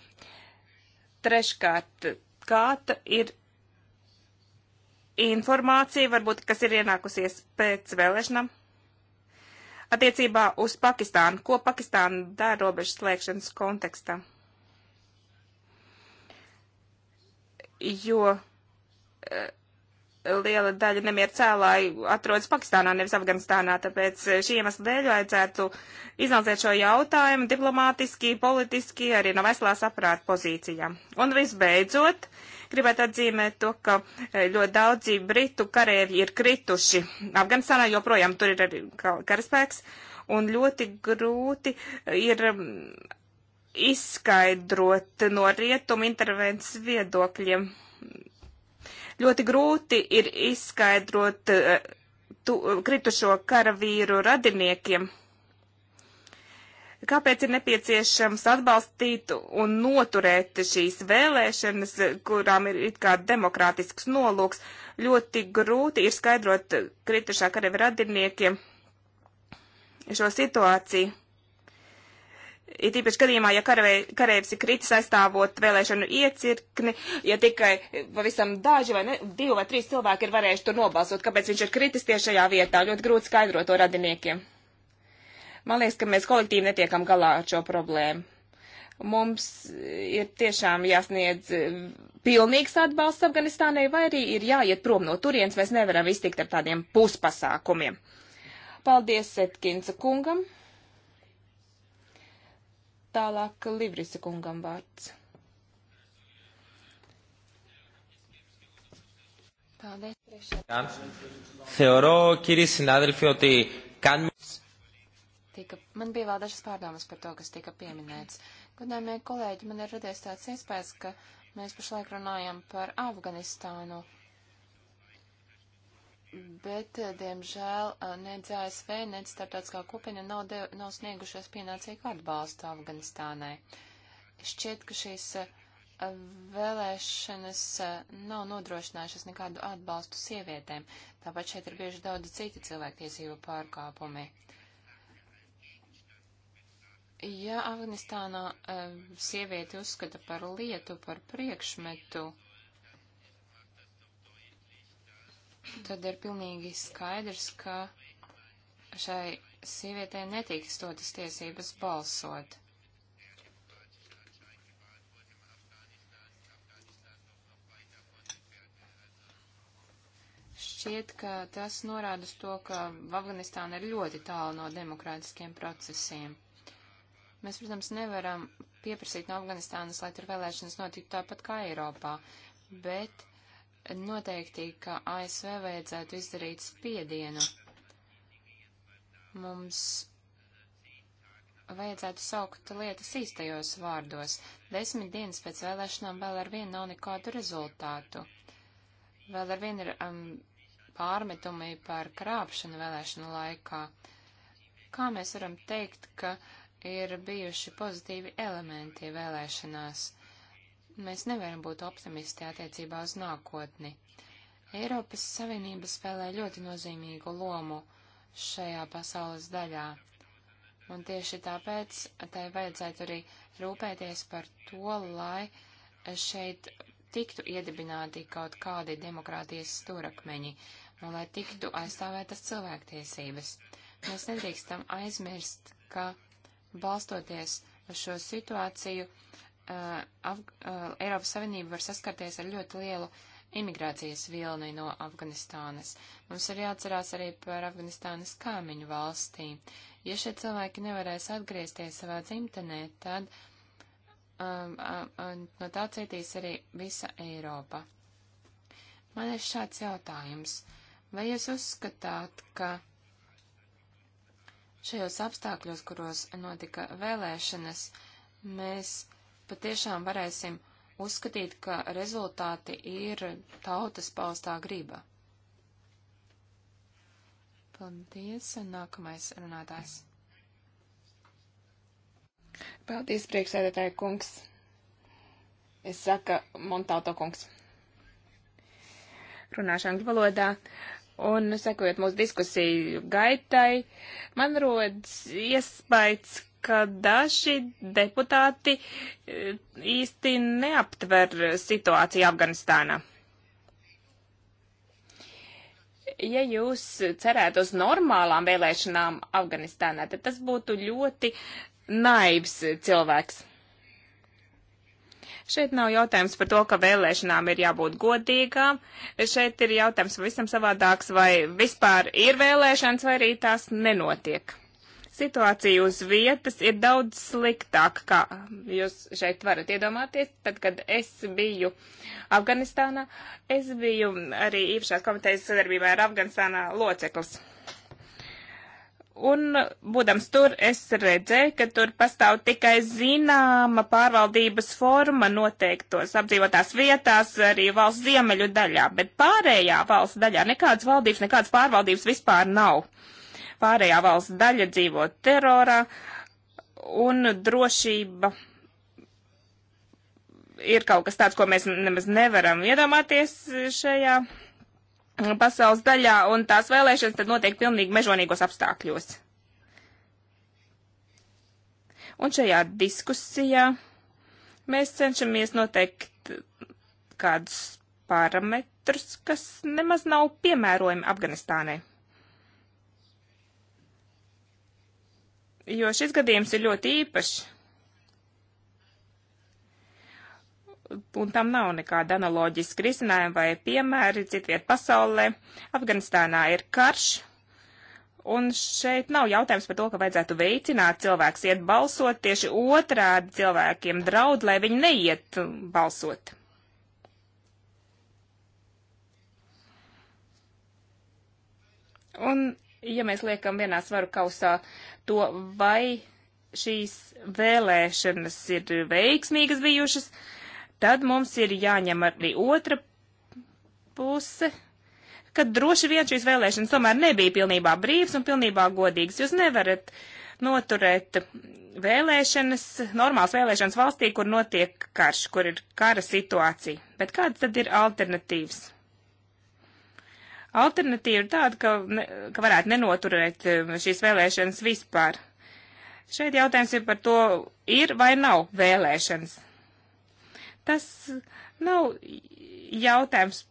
Treškārt, kāda ir informācija, varbūt, kas ir ienākusies pēc vēlēšanām? Attiecībā uz Pakistānu, ko Pakistāna dara robežas slēgšanas kontekstā? Jo eh, liela daļa nemieru cēlāju atrodas Pakistānā, nevis Afganistānā, tāpēc eh, šī iemesla dēļ vajadzētu izanalizēt šo jautājumu diplomātiski, politiski, arī no veselā saprāta pozīcijām. Un visbeidzot, gribētu atzīmēt to, ka eh, ļoti daudzi britu karēvi ir krituši Afganistānā, joprojām tur ir arī karaspēks, un ļoti grūti ir mm, izskaidrot no rietumu intervences viedokļiem Ļoti grūti ir izskaidrot eh, tu, eh, kritušo karavīru radiniekiem, kāpēc ir nepieciešams atbalstīt un noturēt šīs vēlēšanas, kurām ir it kā demokrātisks nolūks. Ļoti grūti ir skaidrot kritušā karavīra radiniekiem šo situāciju. Ir tīpaši gadījumā, ja karavīrs ir kritis aizstāvot vēlēšanu iecirkni, ja tikai pavisam daži vai ne, divi vai trīs cilvēki ir varējuši tur nobalsot, kāpēc viņš ir kritis tieši šajā vietā. Ļoti grūti skaidrot to radiniekiem. Man liekas, ka mēs kolektīvi netiekam galā ar šo problēmu. Mums ir tiešām jāsniedz pilnīgs atbalsts Afganistānai, vai arī ir jāiet prom no turienes, mēs nevaram iztikt ar tādiem puspasākumiem. Paldies Setkinsa kungam! Tālāk Livrisa kungam vārds. Paldies, priekšsēdētājs. Tika, man bija vēl dažas pārdomas par to, kas tika pieminēts. Godājumie kolēģi, man ir radies tāds iespējas, ka mēs pašlaik runājam par Afganistānu bet, eh, diemžēl, eh, nec ASV, nec starptautiskā kopiena nav, de, nav sniegušas pienācīgu atbalstu Afganistānai. Šķiet, ka šīs eh, vēlēšanas nav nodrošinājušas nekādu atbalstu sievietēm, tāpat šeit ir bieži daudz citi cilvēktiesību pārkāpumi. Ja Afganistānā sievieti uzskata par lietu, par priekšmetu, tad ir pilnīgi skaidrs, ka šai sievietē netiks dotas tiesības balsot. Šķiet, ka tas norāda uz to, ka Afganistāna ir ļoti tālu no demokrātiskiem procesiem. Mēs, protams, nevaram pieprasīt no Afganistānas, lai tur vēlēšanas notiktu tāpat kā Eiropā, bet uh, noteikti, ka ASV vajadzētu izdarīt spiedienu. Mums vajadzētu saukt lietas īstajos vārdos. Desmit dienas pēc vēlēšanām vēl ar vienu nav nekādu rezultātu. Vēl ar vienu ir um, pārmetumi par krāpšanu vēlēšanu laikā. Kā mēs varam teikt, ka ir bijuši pozitīvi elementi vēlēšanās? Mēs nevaram būt optimisti attiecībā uz nākotni. Eiropas Savienība spēlē ļoti nozīmīgu lomu šajā pasaules daļā. Un tieši tāpēc tai vajadzētu arī rūpēties par to, lai šeit tiktu iedibināti kaut kādi demokrātijas stūrakmeņi un lai tiktu aizstāvētas cilvēktiesības. Mēs nedrīkstam aizmirst, ka balstoties uz šo situāciju, uh, Af uh, Eiropas Savienība var saskarties ar ļoti lielu imigrācijas vilni no Afganistānas. Mums ir jāatcerās arī par Afganistānas kāmiņu valstī. Ja šie cilvēki nevarēs atgriezties savā dzimtenē, tad um, um, no tā cietīs arī visa Eiropa. Man ir šāds jautājums. Vai jūs uzskatāt, ka šajos apstākļos, kuros notika vēlēšanas, mēs patiešām varēsim uzskatīt, ka rezultāti ir tautas paustā griba. Paldies, nākamais runātājs. Paldies, priekšsēdētāja kungs. Es saka Montauto kungs. Runāšu angļu valodā. Un sekojot mūsu diskusiju gaitai, man rodas iespējas, ka daži deputāti e, īsti neaptver situāciju Afganistānā. Ja jūs cerētu uz normālām vēlēšanām Afganistānā, tad tas būtu ļoti naivs cilvēks. Šeit nav jautājums par to, ka vēlēšanām ir jābūt godīgām. Šeit ir jautājums pavisam savādāks, vai vispār ir vēlēšanas, vai arī tās nenotiek situācija uz vietas ir daudz sliktāka, kā jūs šeit varat iedomāties. Tad, kad es biju Afganistānā, es biju arī īpašās komitejas sadarbībā ar Afganistānā loceklis. Un, būdams tur, es redzēju, ka tur pastāv tikai zināma pārvaldības forma noteiktos apdzīvotās vietās, arī valsts ziemeļu daļā, bet pārējā valsts daļā nekādas valdības, nekādas pārvaldības vispār nav. Uh, pārējā valsts daļa dzīvo terorā un drošība ir kaut kas tāds, ko mēs nemaz nevaram iedomāties šajā pasaules daļā, un tās vēlēšanas tad notiek pilnīgi mežonīgos apstākļos. Un šajā diskusijā mēs cenšamies noteikt kādus parametrus, kas nemaz nav piemērojami Afganistānai. jo šis gadījums ir ļoti īpašs. Un tam nav nekāda analoģiska risinājuma vai piemēri citviet pasaulē. Afganistānā ir karš, un šeit nav jautājums par to, ka vajadzētu veicināt cilvēks iet balsot, tieši otrādi cilvēkiem draud, lai viņi neiet balsot. Un ja mēs liekam vienā svaru kausā to, vai šīs vēlēšanas ir veiksmīgas bijušas, tad mums ir jāņem arī otra puse, ka droši vien šīs vēlēšanas tomēr nebija pilnībā brīvas un pilnībā godīgas. Jūs nevarat noturēt vēlēšanas, normāls vēlēšanas valstī, kur notiek karš, kur ir kara situācija. Bet kādas tad ir alternatīvas? Alternatīva ir tāda, ka, ne, ka varētu nenoturēt um, šīs vēlēšanas vispār. Šeit jautājums ir par to, ir vai nav vēlēšanas. Tas nav jautājums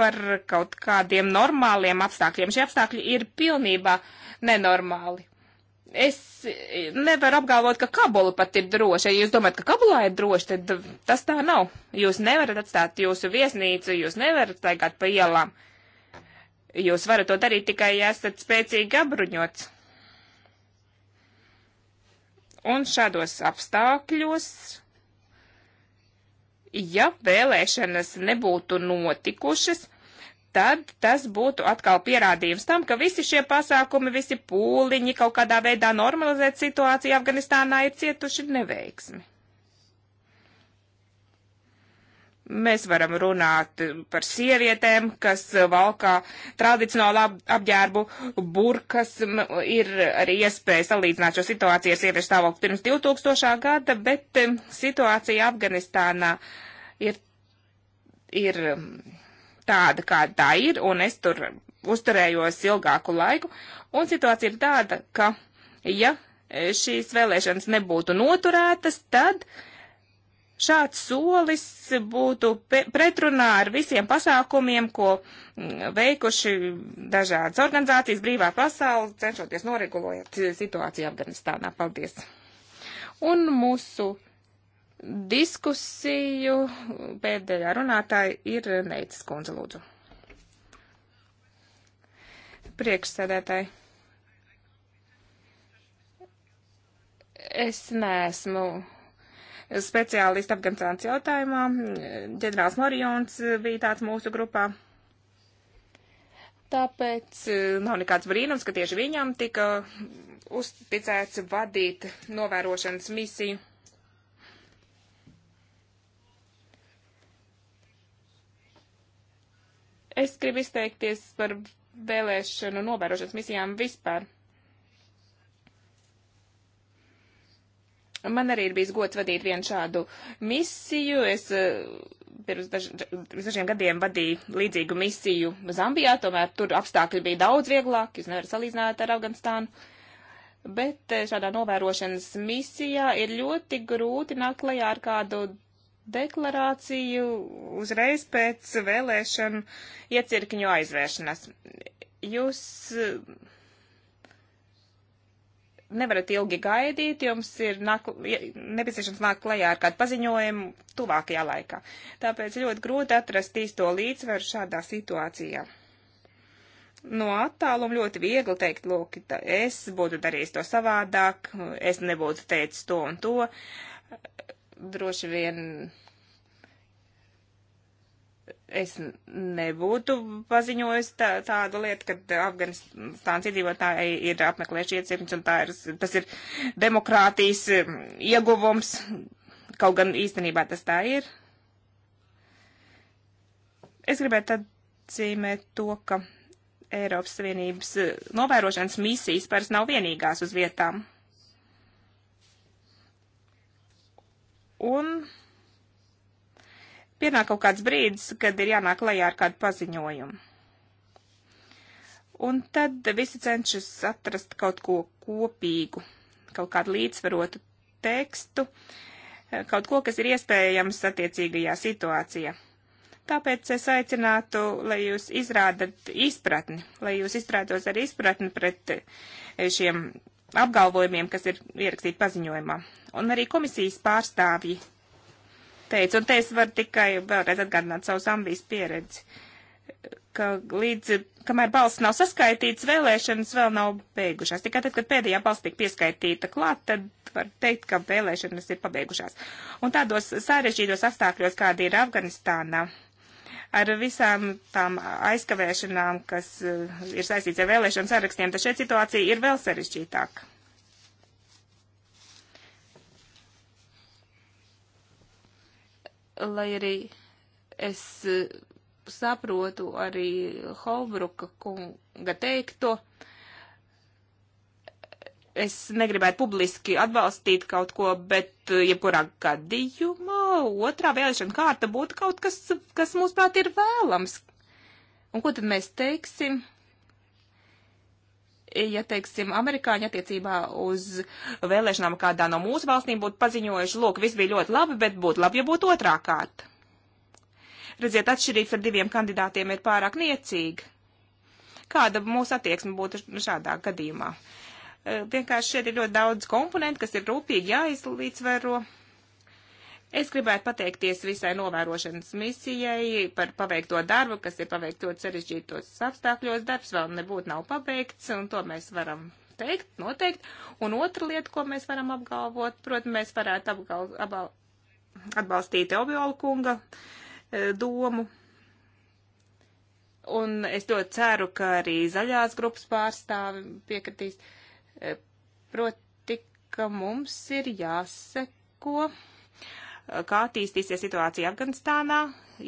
par kaut kādiem normāliem apstākļiem. Šie apstākļi ir pilnībā nenormāli. Es nevaru apgalvot, ka Kabula pat ir droša. Ja jūs domājat, ka Kabulā ir droši, tad tas tā nav. Jūs nevarat atstāt jūsu viesnīcu, jūs nevarat staigāt pa ielām. Uh, Jūs varat to darīt tikai, ja esat spēcīgi apbruņots. Un šādos apstākļos, ja vēlēšanas nebūtu notikušas, tad tas būtu atkal pierādījums tam, ka visi šie pasākumi, visi pūliņi kaut kādā veidā normalizēt situāciju Afganistānā ir cietuši neveiksmi. Mēs varam runāt par sievietēm, kas valkā tradicionāli apģērbu burkas. Ir arī iespēja salīdzināt šo situāciju ar sieviešu stāvokli pirms 2000. gada, bet situācija Afganistānā ir, ir tāda, kāda tā ir, un es tur uzturējos ilgāku laiku, un situācija ir tāda, ka, ja e, šīs vēlēšanas nebūtu noturētas, tad uh, Šāds solis būtu pretrunā ar visiem pasākumiem, ko mm, veikuši dažādas organizācijas brīvā pasaule, cenšoties noregulēt situāciju Afganistānā. Paldies! Un mūsu diskusiju pēdējā runātāja ir Neicis Kundze, lūdzu. Priekšsēdētāji. Es neesmu speciālisti Afganistānas jautājumā. Ģenerāls Morijons bija tāds mūsu grupā. Tāpēc e, nav nekāds brīnums, ka tieši viņam tika uzticēts vadīt novērošanas misiju. Es gribu izteikties par vēlēšanu novērošanas misijām vispār. Man arī ir bijis gods vadīt vienu šādu misiju. Es eh, pirms daž, dažiem gadiem vadīju līdzīgu misiju Zambijā, tomēr tur apstākļi bija daudz vieglāki, jūs nevarat salīdzināt ar Afganistānu. Bet eh, šādā novērošanas misijā ir ļoti grūti nākt klajā ar kādu deklarāciju uzreiz pēc vēlēšanu iecirkņu aizvēršanas. Jūs eh, nevarat ilgi gaidīt, jums ir nāk, nepieciešams nākt klajā ar kādu paziņojumu tuvākajā laikā. Tāpēc ļoti grūti atrast īsto līdzsvaru šādā situācijā. No attāluma ļoti viegli teikt, lūk, es būtu darījis to savādāk, es nebūtu teicis to un to. Droši vien es nebūtu paziņojis tā, tādu lietu, ka Afganistāns iedzīvotāji ir apmeklējuši iecirkņus, un tā ir, tas ir demokrātijas um, ieguvums, kaut gan īstenībā tas tā ir. Es gribētu atzīmēt to, ka Eiropas Savienības uh, novērošanas misijas parasti nav vienīgās uz vietām. Un pienāk kaut kāds brīdis, kad ir jānāk lejā ar kādu paziņojumu. Un tad visi cenšas atrast kaut ko kopīgu, kaut kādu līdzsvarotu tekstu, kaut ko, kas ir iespējams attiecīgajā situācijā. Tāpēc es aicinātu, lai jūs izrādat izpratni, lai jūs izrādos ar izpratni pret šiem apgalvojumiem, kas ir ierakstīti paziņojumā. Un arī komisijas pārstāvji teicu. Un te es varu tikai vēlreiz atgādināt savu Zambijas pieredzi, ka līdz, kamēr balsts nav saskaitīts, vēlēšanas vēl nav beigušās. Tikai tad, kad pēdējā balsts tika pieskaitīta klāt, tad var teikt, ka vēlēšanas ir pabeigušās. Un tādos sarežģītos apstākļos, kādi ir Afganistānā, ar visām tām aizkavēšanām, kas eh, ir saistīts ar vēlēšanu sarakstiem, tad šeit situācija ir vēl sarežģītāka. lai arī es eh, saprotu arī Holbruka kunga teikto, es negribētu publiski atbalstīt kaut ko, bet eh, jebkurā gadījumā otrā vēlēšana kārta būtu kaut kas, kas mūsuprāt ir vēlams. Un ko tad mēs teiksim? ja, teiksim, amerikāņi attiecībā uz vēlēšanām kādā no mūsu valstīm būtu paziņojuši, lūk, viss bija ļoti labi, bet būtu labi, ja būtu otrā kārta. Redziet, atšķirība ar diviem kandidātiem ir pārāk niecīga. Kāda mūsu attieksme būtu šādā gadījumā? Vienkārši šeit ir ļoti daudz komponentu, kas ir rūpīgi jāizlīdzvero. Ja, Es gribētu pateikties visai novērošanas misijai par paveikto darbu, kas ir paveikts ļoti sarežģītos apstākļos. Darbs vēl nebūtu nav pabeigts, un to mēs varam teikt, noteikti. Un otra lieta, ko mēs varam apgalvot, protams, mēs varētu apgal, abal, atbalstīt Obiola kunga e, domu. Un es ļoti ceru, ka arī zaļās grupas pārstāvi piekritīs. E, proti, ka mums ir jāseko kā attīstīsies situācija Afganistānā,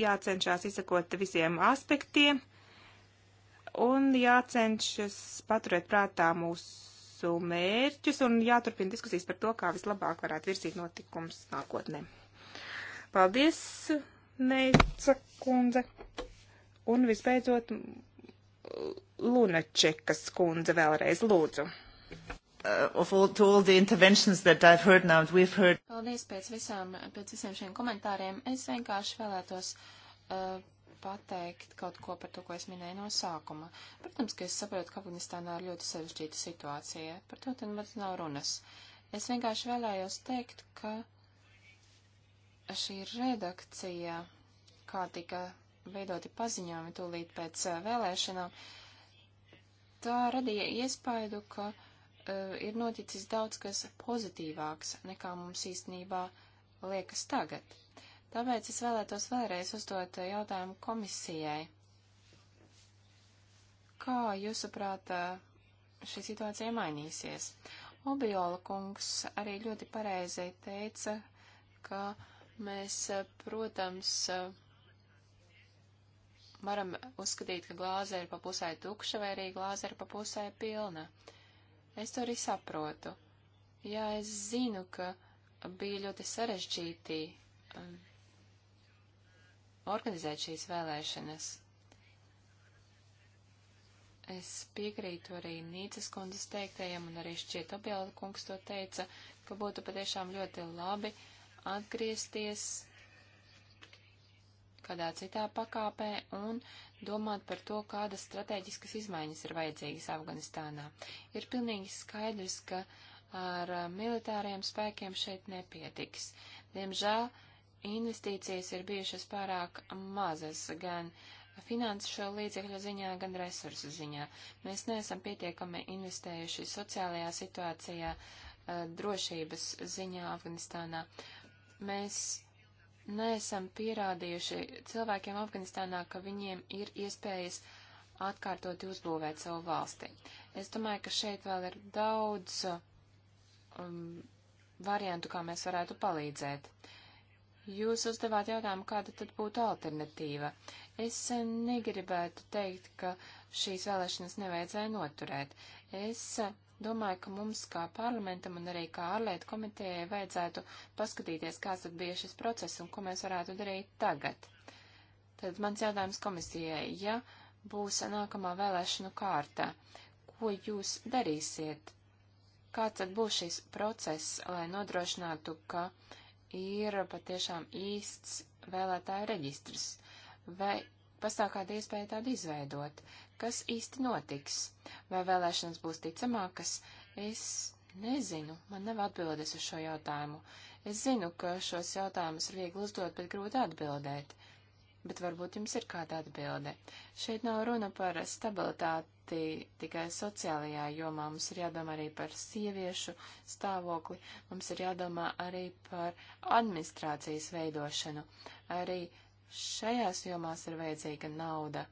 jācenšas izsakot visiem aspektiem un jācenšas paturēt prātā mūsu mērķus un jāturpina diskusijas par to, kā vislabāk varētu virzīt notikums nākotnē. Paldies, Neica kundze! Un visbeidzot, Lunačekas kundze vēlreiz lūdzu uh, of all, to all the interventions that I've heard now, we've heard. Paldies pēc, visām, pēc visiem šiem komentāriem. Es vienkārši vēlētos uh, pateikt kaut ko par to, ko es minēju no sākuma. Protams, ka es saprotu, ka Afganistānā ir ļoti sarežģīta situācija. Par to tad man nav runas. Es vienkārši vēlējos teikt, ka šī redakcija, kā tika veidoti paziņojumi tūlīt pēc uh, vēlēšanām, tā radīja iespaidu, ka Eh, ir noticis daudz kas pozitīvāks, nekā mums īstenībā liekas tagad. Tāpēc es vēlētos vēlreiz uzdot jautājumu komisijai. Kā jūsuprāt eh, šī situācija mainīsies? Obiola kungs arī ļoti pareizi teica, ka mēs, eh, protams, varam uzskatīt, ka glāze ir pa pusē tukša vai arī glāze ir pa pusē pilna. Uh, Es to arī saprotu. Jā, es zinu, ka bija ļoti sarežģīti um, organizēt šīs vēlēšanas. Es piekrītu arī Nīcas kundzes teiktajam, un arī šķiet Objāla kungs to teica, ka būtu patiešām ļoti labi atgriezties kādā citā pakāpē un domāt par to, kādas strateģiskas izmaiņas ir vajadzīgas Afganistānā. Ir pilnīgi skaidrs, ka ar uh, militāriem spēkiem šeit nepietiks. Diemžēl investīcijas ir bijušas pārāk mazas gan finanšu līdzekļu ziņā, gan resursu ziņā. Mēs neesam pietiekami investējuši sociālajā situācijā, uh, drošības ziņā Afganistānā. Mēs neesam pierādījuši cilvēkiem Afganistānā, ka viņiem ir iespējas atkārtot uzbūvēt savu valsti. Es domāju, ka šeit vēl ir daudz um, variantu, kā mēs varētu palīdzēt. Jūs uzdevāt jautājumu, kāda tad būtu alternatīva. Es eh, negribētu teikt, ka šīs vēlēšanas nevajadzēja noturēt. Es eh, Domāju, ka mums kā parlamentam un arī kā ārlietu komitejai vajadzētu paskatīties, kāds tad bija šis process un ko mēs varētu darīt tagad. Tad mans jautājums komisijai, ja būs nākamā vēlēšanu kārta, ko jūs darīsiet? Kāds tad būs šis process, lai nodrošinātu, ka ir patiešām īsts vēlētāju reģistrs? Vai pastāv kāda iespēja tādu izveidot. Kas īsti notiks? Vai vēlēšanas būs ticamākas? Es nezinu, man nav atbildes uz šo jautājumu. Es zinu, ka šos jautājumus ir viegli uzdot, bet grūti atbildēt. Bet varbūt jums ir kāda atbilde. Šeit nav runa par stabilitāti tikai sociālajā jomā. Mums ir jādomā arī par sieviešu stāvokli. Mums ir jādomā arī par administrācijas veidošanu. Arī uh, Šajās jomās ir vajadzīga nauda.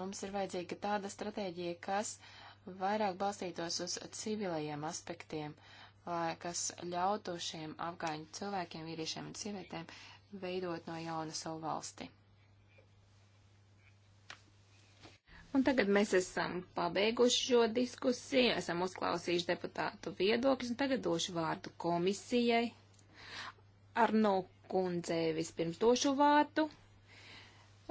Mums ir vajadzīga tāda stratēģija, kas vairāk balstītos uz civilajiem aspektiem, lai, kas ļautu šiem afgāņu cilvēkiem, vīriešiem un sievietēm veidot no jauna savu valsti. Un tagad mēs esam pabeiguši šo diskusiju, esam uzklausījuši deputātu viedokļus, un tagad došu vārdu komisijai. Arno kundzei vispirms došu vārdu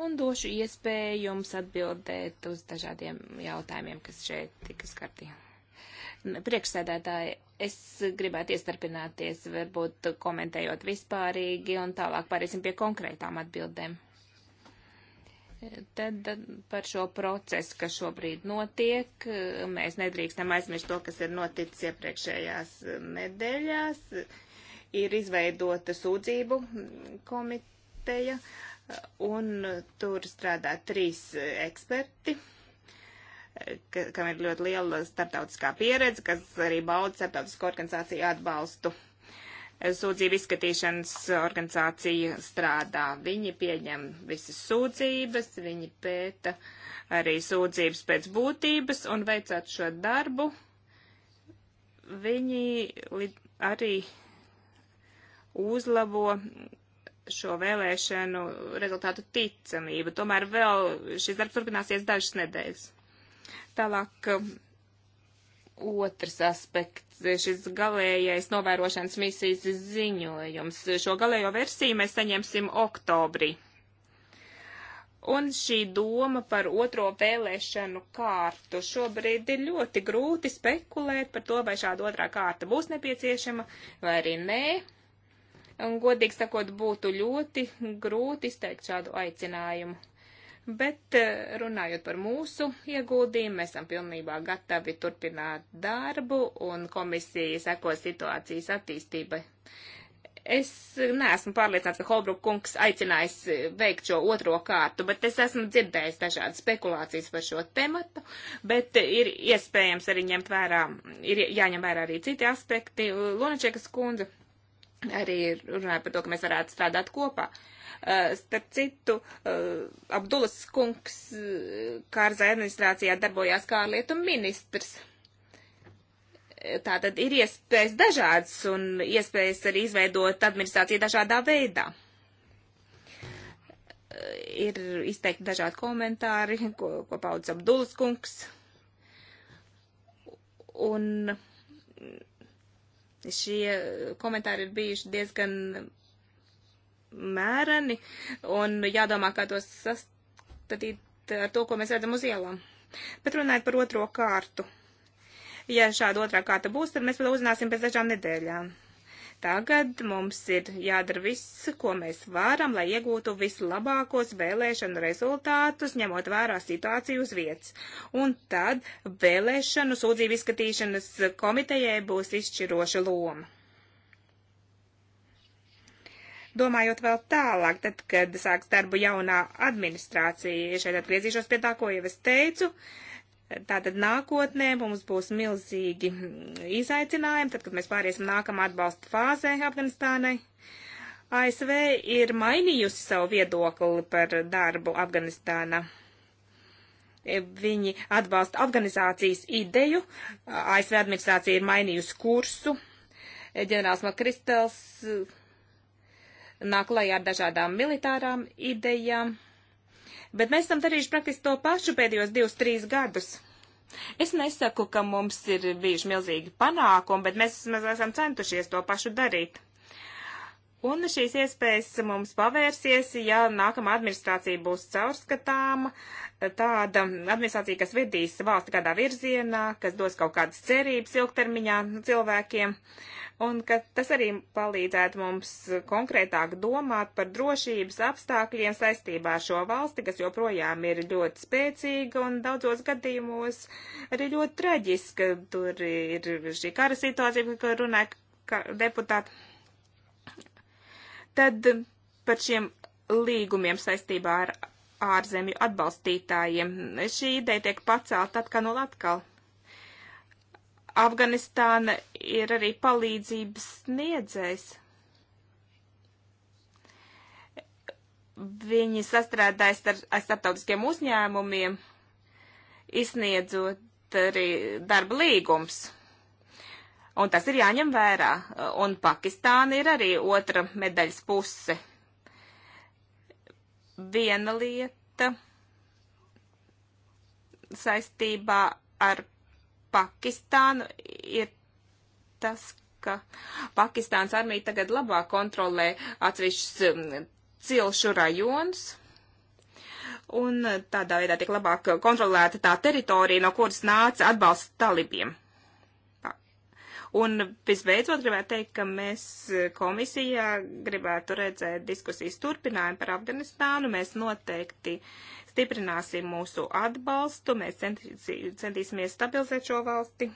un došu iespēju jums atbildēt uz dažādiem jautājumiem, kas šeit tika skarti. Priekšsēdētāji, es gribētu iestarpināties, varbūt komentējot vispārīgi, un tālāk pārēsim pie konkrētām atbildēm. Tad par šo procesu, kas šobrīd notiek, mēs nedrīkstam aizmirst to, kas ir noticis iepriekšējās nedēļās. Ir izveidota sūdzību komiteja. Uh, Un tur strādā trīs eksperti, ka, kam ir ļoti liela starptautiskā pieredze, kas arī bauda starptautisko organizāciju atbalstu. Sūdzību izskatīšanas organizācija strādā. Viņi pieņem visas sūdzības, viņi pēta arī sūdzības pēc būtības un veicot šo darbu, viņi arī uzlabo šo vēlēšanu rezultātu ticamību. Tomēr vēl šis darbs turpināsies dažas nedēļas. Tālāk um, otrs aspekts šis galējais novērošanas misijas ziņojums. Šo galējo versiju mēs saņemsim oktobrī. Un šī doma par otro vēlēšanu kārtu šobrīd ir ļoti grūti spekulēt par to, vai šāda otrā kārta būs nepieciešama vai arī nē. Ne Un, godīgi sakot, būtu ļoti grūti izteikt šādu aicinājumu. Bet eh, runājot par mūsu ieguldījumu, mēs esam pilnībā gatavi turpināt darbu un komisija seko situācijas attīstībai. Es neesmu pārliecināts, ka Holbruk kungs aicinājis eh, veikt šo otro kārtu, bet es esmu dzirdējis dažādas spekulācijas par šo tematu, bet eh, ir iespējams arī ņemt vērā, ir jāņem vērā arī citi aspekti. Lunačekas kundze arī runāja par to, ka mēs varētu strādāt kopā. Eh, starp citu, eh, Abdulas kungs eh, Kārza administrācijā darbojās kā lietu ministrs. Tātad ir iespējas dažādas un iespējas arī izveidot administrāciju dažādā veidā. Ir izteikti dažādi komentāri, ko, ko paudas Abdulas kungs. Un Šie komentāri ir bijuši diezgan mēreni un jādomā, kā tos sastatīt ar to, ko mēs redzam uz ielām. Bet runājot par otro kārtu. Ja šāda otrā kārta būs, tad mēs vēl uzzināsim pēc dažām nedēļām. Tagad mums ir jādara viss, ko mēs varam, lai iegūtu vislabākos vēlēšanu rezultātus, ņemot vērā situāciju uz vietas. Un tad vēlēšanu sūdzību izskatīšanas komitejai būs izšķiroša loma. Domājot vēl tālāk, tad, kad sāks darbu jaunā administrācija, šeit atgriezīšos pie tā, ko jau es teicu, uh, Tātad nākotnē mums būs milzīgi izaicinājumi, tad, kad mēs pāriesim nākamā atbalsta fāzē Afganistānai. ASV ir mainījusi savu viedokli par darbu Afganistānā. Viņi atbalsta afganizācijas ideju, ASV administrācija ir mainījusi kursu, ģenerālis Makristels nāk klajā ar dažādām militārām idejām Bet mēs esam darījuši praktiski to pašu pēdējos divus, trīs gadus. Es nesaku, ka mums ir bijuši milzīgi panākumi, bet mēs esam centušies to pašu darīt. Un šīs iespējas mums pavērsies, ja nākamā administrācija būs caurskatāma, tāda administrācija, kas vedīs valsti kādā virzienā, kas dos kaut kādas cerības ilgtermiņā cilvēkiem, un ka tas arī palīdzētu mums konkrētāk domāt par drošības apstākļiem saistībā ar šo valsti, kas joprojām ir ļoti spēcīga un daudzos gadījumos arī ļoti traģiska. Tur ir šī kara situācija, par ko runāja deputāti Tad par šiem līgumiem saistībā ar ārzemju atbalstītājiem. Šī ideja tiek pacelt atkal un atkal. Afganistāna ir arī palīdzības sniedzējs. Viņi sastrādājas ar, ar starptautiskiem uzņēmumiem, izsniedzot arī darba līgums Un tas ir jāņem vērā. Un Pakistāna ir arī otra medaļas puse. Viena lieta saistībā ar Pakistānu ir tas, ka Pakistāns armija tagad labāk kontrolē atsevišķus um, cilšu rajonus. Un tādā veidā tiek labāk kontrolēta tā teritorija, no kuras nāca atbalsts talibiem. Un visbeidzot gribētu teikt, ka mēs eh, komisijā gribētu redzēt diskusijas turpinājumu par Afganistānu. Mēs noteikti stiprināsim mūsu atbalstu, mēs centīsimies stabilizēt šo valsti.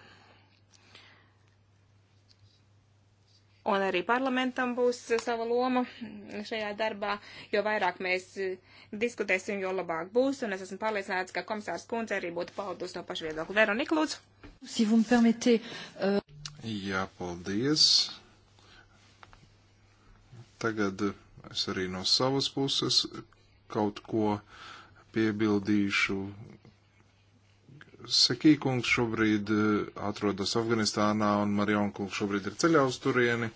Un arī parlamentam būs eh, sava loma šajā darbā, jo vairāk mēs eh, diskutēsim, jo labāk būs. Un es esmu pārliecināts, ka komisārs Kunze arī būtu paudus to pašu viedokli. Veronika, lūdzu. Si vous me permettez, uh... Jā, paldies. Tagad es arī no savas puses kaut ko piebildīšu. Sekīkungs šobrīd eh, atrodas Afganistānā un Marionkungs šobrīd ir ceļā uz turieni.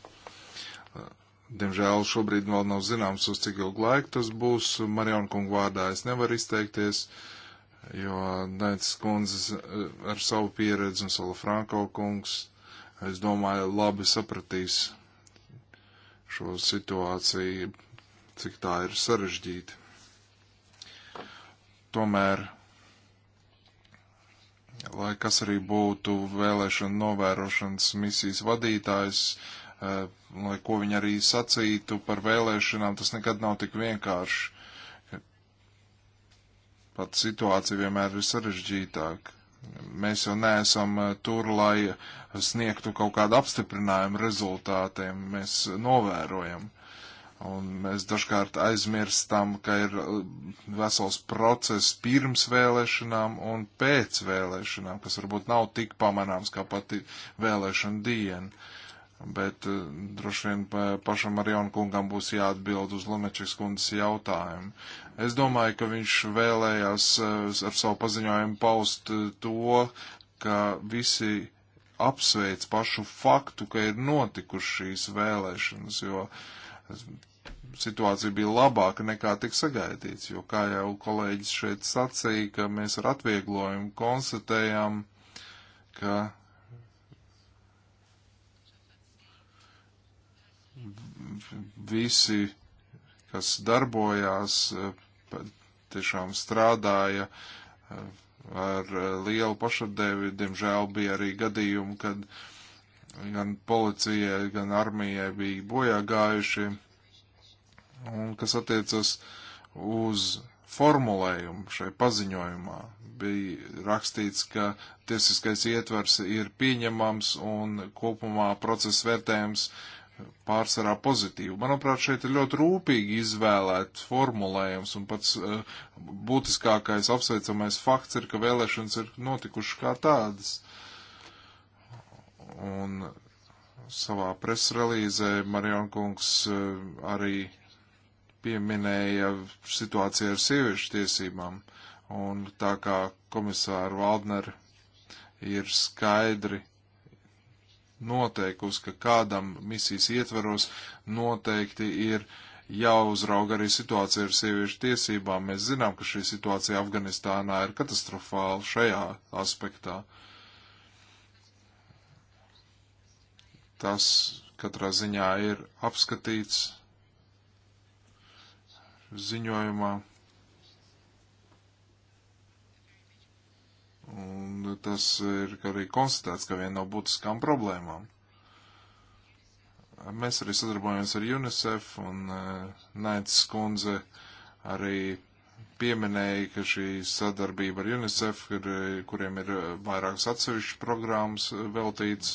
Diemžēl šobrīd vēl nav zināms, uz cik ilgu laiku tas būs. Marionkungu vārdā es nevaru izteikties, jo Naitas kundzes eh, ar savu pieredzi un Sala Franko kungs es domāju, labi sapratīs šo situāciju, cik tā ir sarežģīta. Tomēr, lai kas arī būtu vēlēšana novērošanas misijas vadītājs, eh, lai ko viņi arī sacītu par vēlēšanām, tas nekad nav tik vienkārši. Pat situācija vienmēr ir sarežģītāka. Mēs jau neesam eh, tur, lai uh, sniegtu kaut kādu apstiprinājumu rezultātiem, mēs novērojam. Un mēs dažkārt aizmirstam, ka ir uh, vesels process pirms vēlēšanām un pēc vēlēšanām, kas varbūt nav tik pamanāms kā pati vēlēšana diena. Bet uh, droši vien pašam Marionu kungam būs jāatbild uz Lumečiks kundas jautājumu. Es domāju, ka viņš vēlējās uh, ar savu paziņojumu paust to, ka visi apsveic pašu faktu, ka ir notikušas šīs vēlēšanas, jo situācija bija labāka nekā tik sagaidīts, jo, kā jau kolēģis šeit sacīja, ka mēs ar atvieglojumu konstatējām, ka visi, kas darbojās, tiešām strādāja ar eh, lielu pašatdevi. Diemžēl bija arī gadījumi, kad gan policijai, gan armijai bija bojā gājušie. Un kas attiecas uz formulējumu šai paziņojumā, bija rakstīts, ka tiesiskais ietvers ir pieņemams un kopumā procesa vērtējums uh, pārsvarā pozitīvu. Manuprāt, šeit ir ļoti rūpīgi izvēlēt formulējums, un pats uh, būtiskākais apsveicamais fakts ir, ka vēlēšanas ir notikušas kā tādas. Un savā presrelīzē Marion Kungs uh, arī pieminēja situāciju ar sieviešu tiesībām, un tā kā komisāra Valdner ir skaidri noteikusi, ka kādam misijas ietveros noteikti ir jāuzrauga arī situācija ar sieviešu tiesībām. Mēs zinām, ka šī situācija Afganistānā ir katastrofāla šajā aspektā. Tas katrā ziņā ir apskatīts ziņojumā. Un tas ir arī konstatēts, ka viena no būtiskām problēmām. Mēs arī sadarbojamies ar UNICEF un eh, Naits skundze arī pieminēja, ka šī sadarbība ar UNICEF, kur, eh, kuriem ir eh, vairākas atsevišķas programmas veltīts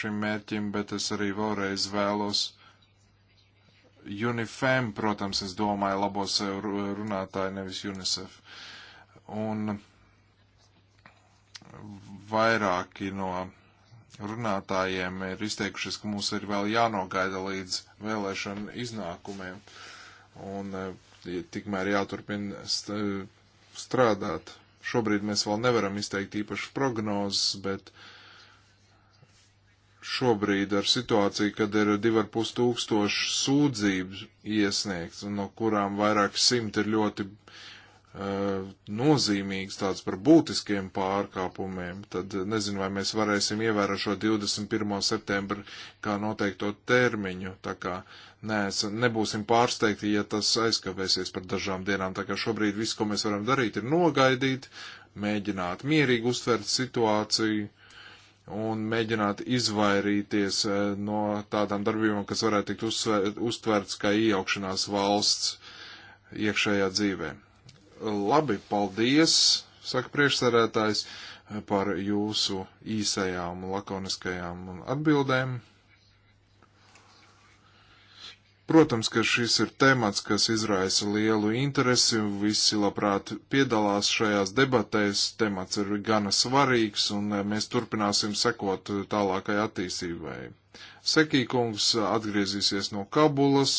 šim mērķim, bet es arī vēlreiz vēlos UNIFEM, protams, es domāju labos runātāji, nevis UNICEF. Un vairāki no runātājiem ir izteikušies, ka mums ir vēl jānogaida līdz vēlēšanu iznākumiem. Un e, ja tikmēr jāturpina e, strādāt. Šobrīd mēs vēl nevaram izteikt īpašas prognozes, bet šobrīd ar situāciju, kad ir 2,5 tūkstoši sūdzību iesniegts, no kurām vairāk simt ir ļoti uh, Eh, nozīmīgs tāds par būtiskiem pārkāpumiem, tad eh, nezinu, vai mēs varēsim ievērot šo 21. septembru kā noteikto termiņu, tā kā nēs, nebūsim pārsteigti, ja tas aizkavēsies par dažām dienām, tā kā šobrīd viss, ko mēs varam darīt, ir nogaidīt, mēģināt mierīgi uztvert situāciju un mēģināt izvairīties eh, no tādām darbībām, kas varētu tikt uztverts kā iejaukšanās valsts iekšējā dzīvēm. Labi, paldies, saka priekšsarētājs, par jūsu īsajām, lakoniskajām atbildēm. Protams, ka šis ir temats, kas izraisa lielu interesi, un visi labprāt piedalās šajās debatēs. Temats ir gana svarīgs, un mēs turpināsim sekot tālākai attīstībai. Sekīkungs atgriezīsies no Kabulas,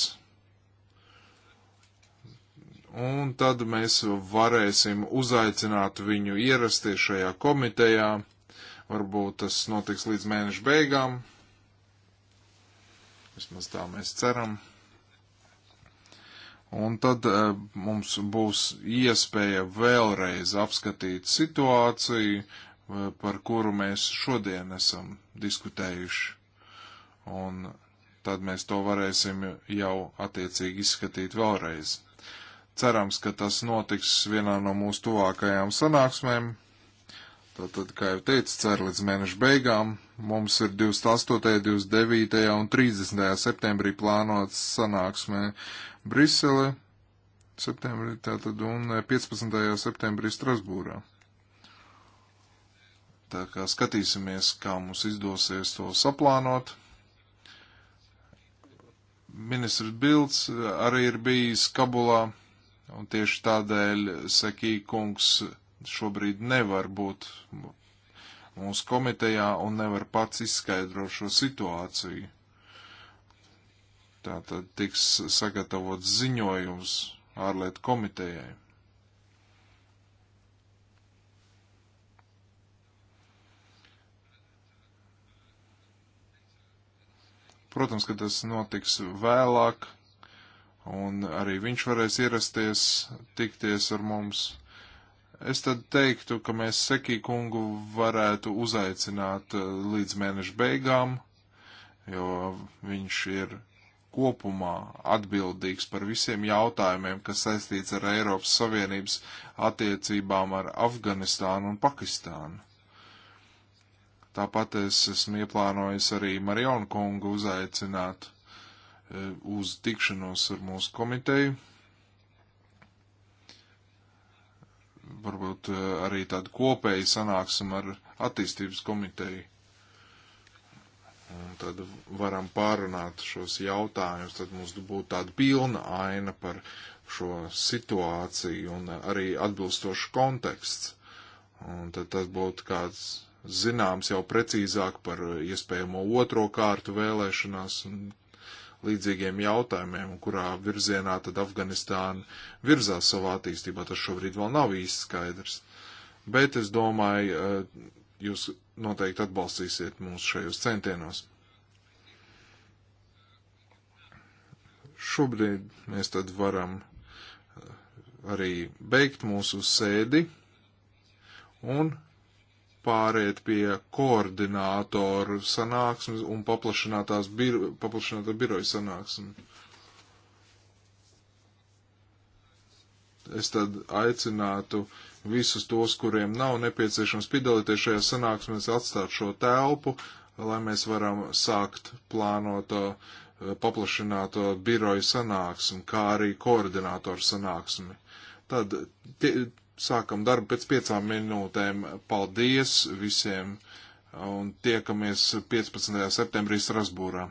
un tad mēs varēsim uzaicināt viņu ierasties šajā komitejā. Varbūt tas notiks līdz mēneša beigām. Vismaz tā mēs ceram. Un tad e, mums būs iespēja vēlreiz apskatīt situāciju, eh, par kuru mēs šodien esam diskutējuši. Un tad mēs to varēsim jau attiecīgi izskatīt vēlreiz. Cerams, ka tas notiks vienā no mūsu tuvākajām sanāksmēm. Tātad, kā jau teicu, ceru līdz mēneša beigām. Mums ir 28., 29. un 30. septembrī plānots sanāksmē Brisele, septembrī, tātad, un 15. septembrī Strasbūrā. Tā kā skatīsimies, kā mums izdosies to saplānot. Ministrs Bilds arī ir bijis Kabulā Un tieši tādēļ Sekī kungs šobrīd nevar būt mūsu komitejā un nevar pats izskaidrot šo situāciju. Tātad tiks sagatavots ziņojums ārlietu komitejai. Protams, ka tas notiks vēlāk, un arī viņš varēs ierasties, tikties ar mums. Es tad teiktu, ka mēs Sekī kungu varētu uzaicināt eh, līdz mēneša beigām, jo viņš ir kopumā atbildīgs par visiem jautājumiem, kas saistīts ar Eiropas Savienības attiecībām ar Afganistānu un Pakistānu. Tāpat es esmu ieplānojis arī Marionu kungu uzaicināt Eh, uz tikšanos ar mūsu komiteju. Varbūt eh, arī tādu kopēju sanāksim ar attīstības komiteju. Un tad varam pārunāt šos jautājumus, tad mums būtu tāda pilna aina par šo situāciju un arī atbilstošs konteksts. Un tad tas būtu kāds zināms jau precīzāk par iespējamo otro kārtu vēlēšanās un līdzīgiem jautājumiem, kurā virzienā tad Afganistāna virzās savā attīstībā. Tas šobrīd vēl nav īsti skaidrs. Bet es domāju, eh, jūs noteikti atbalstīsiet mūs šajos centienos. Šobrīd mēs tad varam eh, arī beigt mūsu sēdi un pāriet pie koordinātoru sanāksmes un paplašinātās biro, paplašinātā biroja sanāksmes. Es tad aicinātu visus tos, kuriem nav nepieciešams piedalīties šajā sanāksmēs, atstāt šo telpu, lai mēs varam sākt plānoto uh, paplašināto biroju sanāksmi, kā arī koordinātoru sanāksmi. Tad tie, Sākam darbu pēc piecām minūtēm. Paldies visiem un tiekamies 15. septembrī Strasbūrā.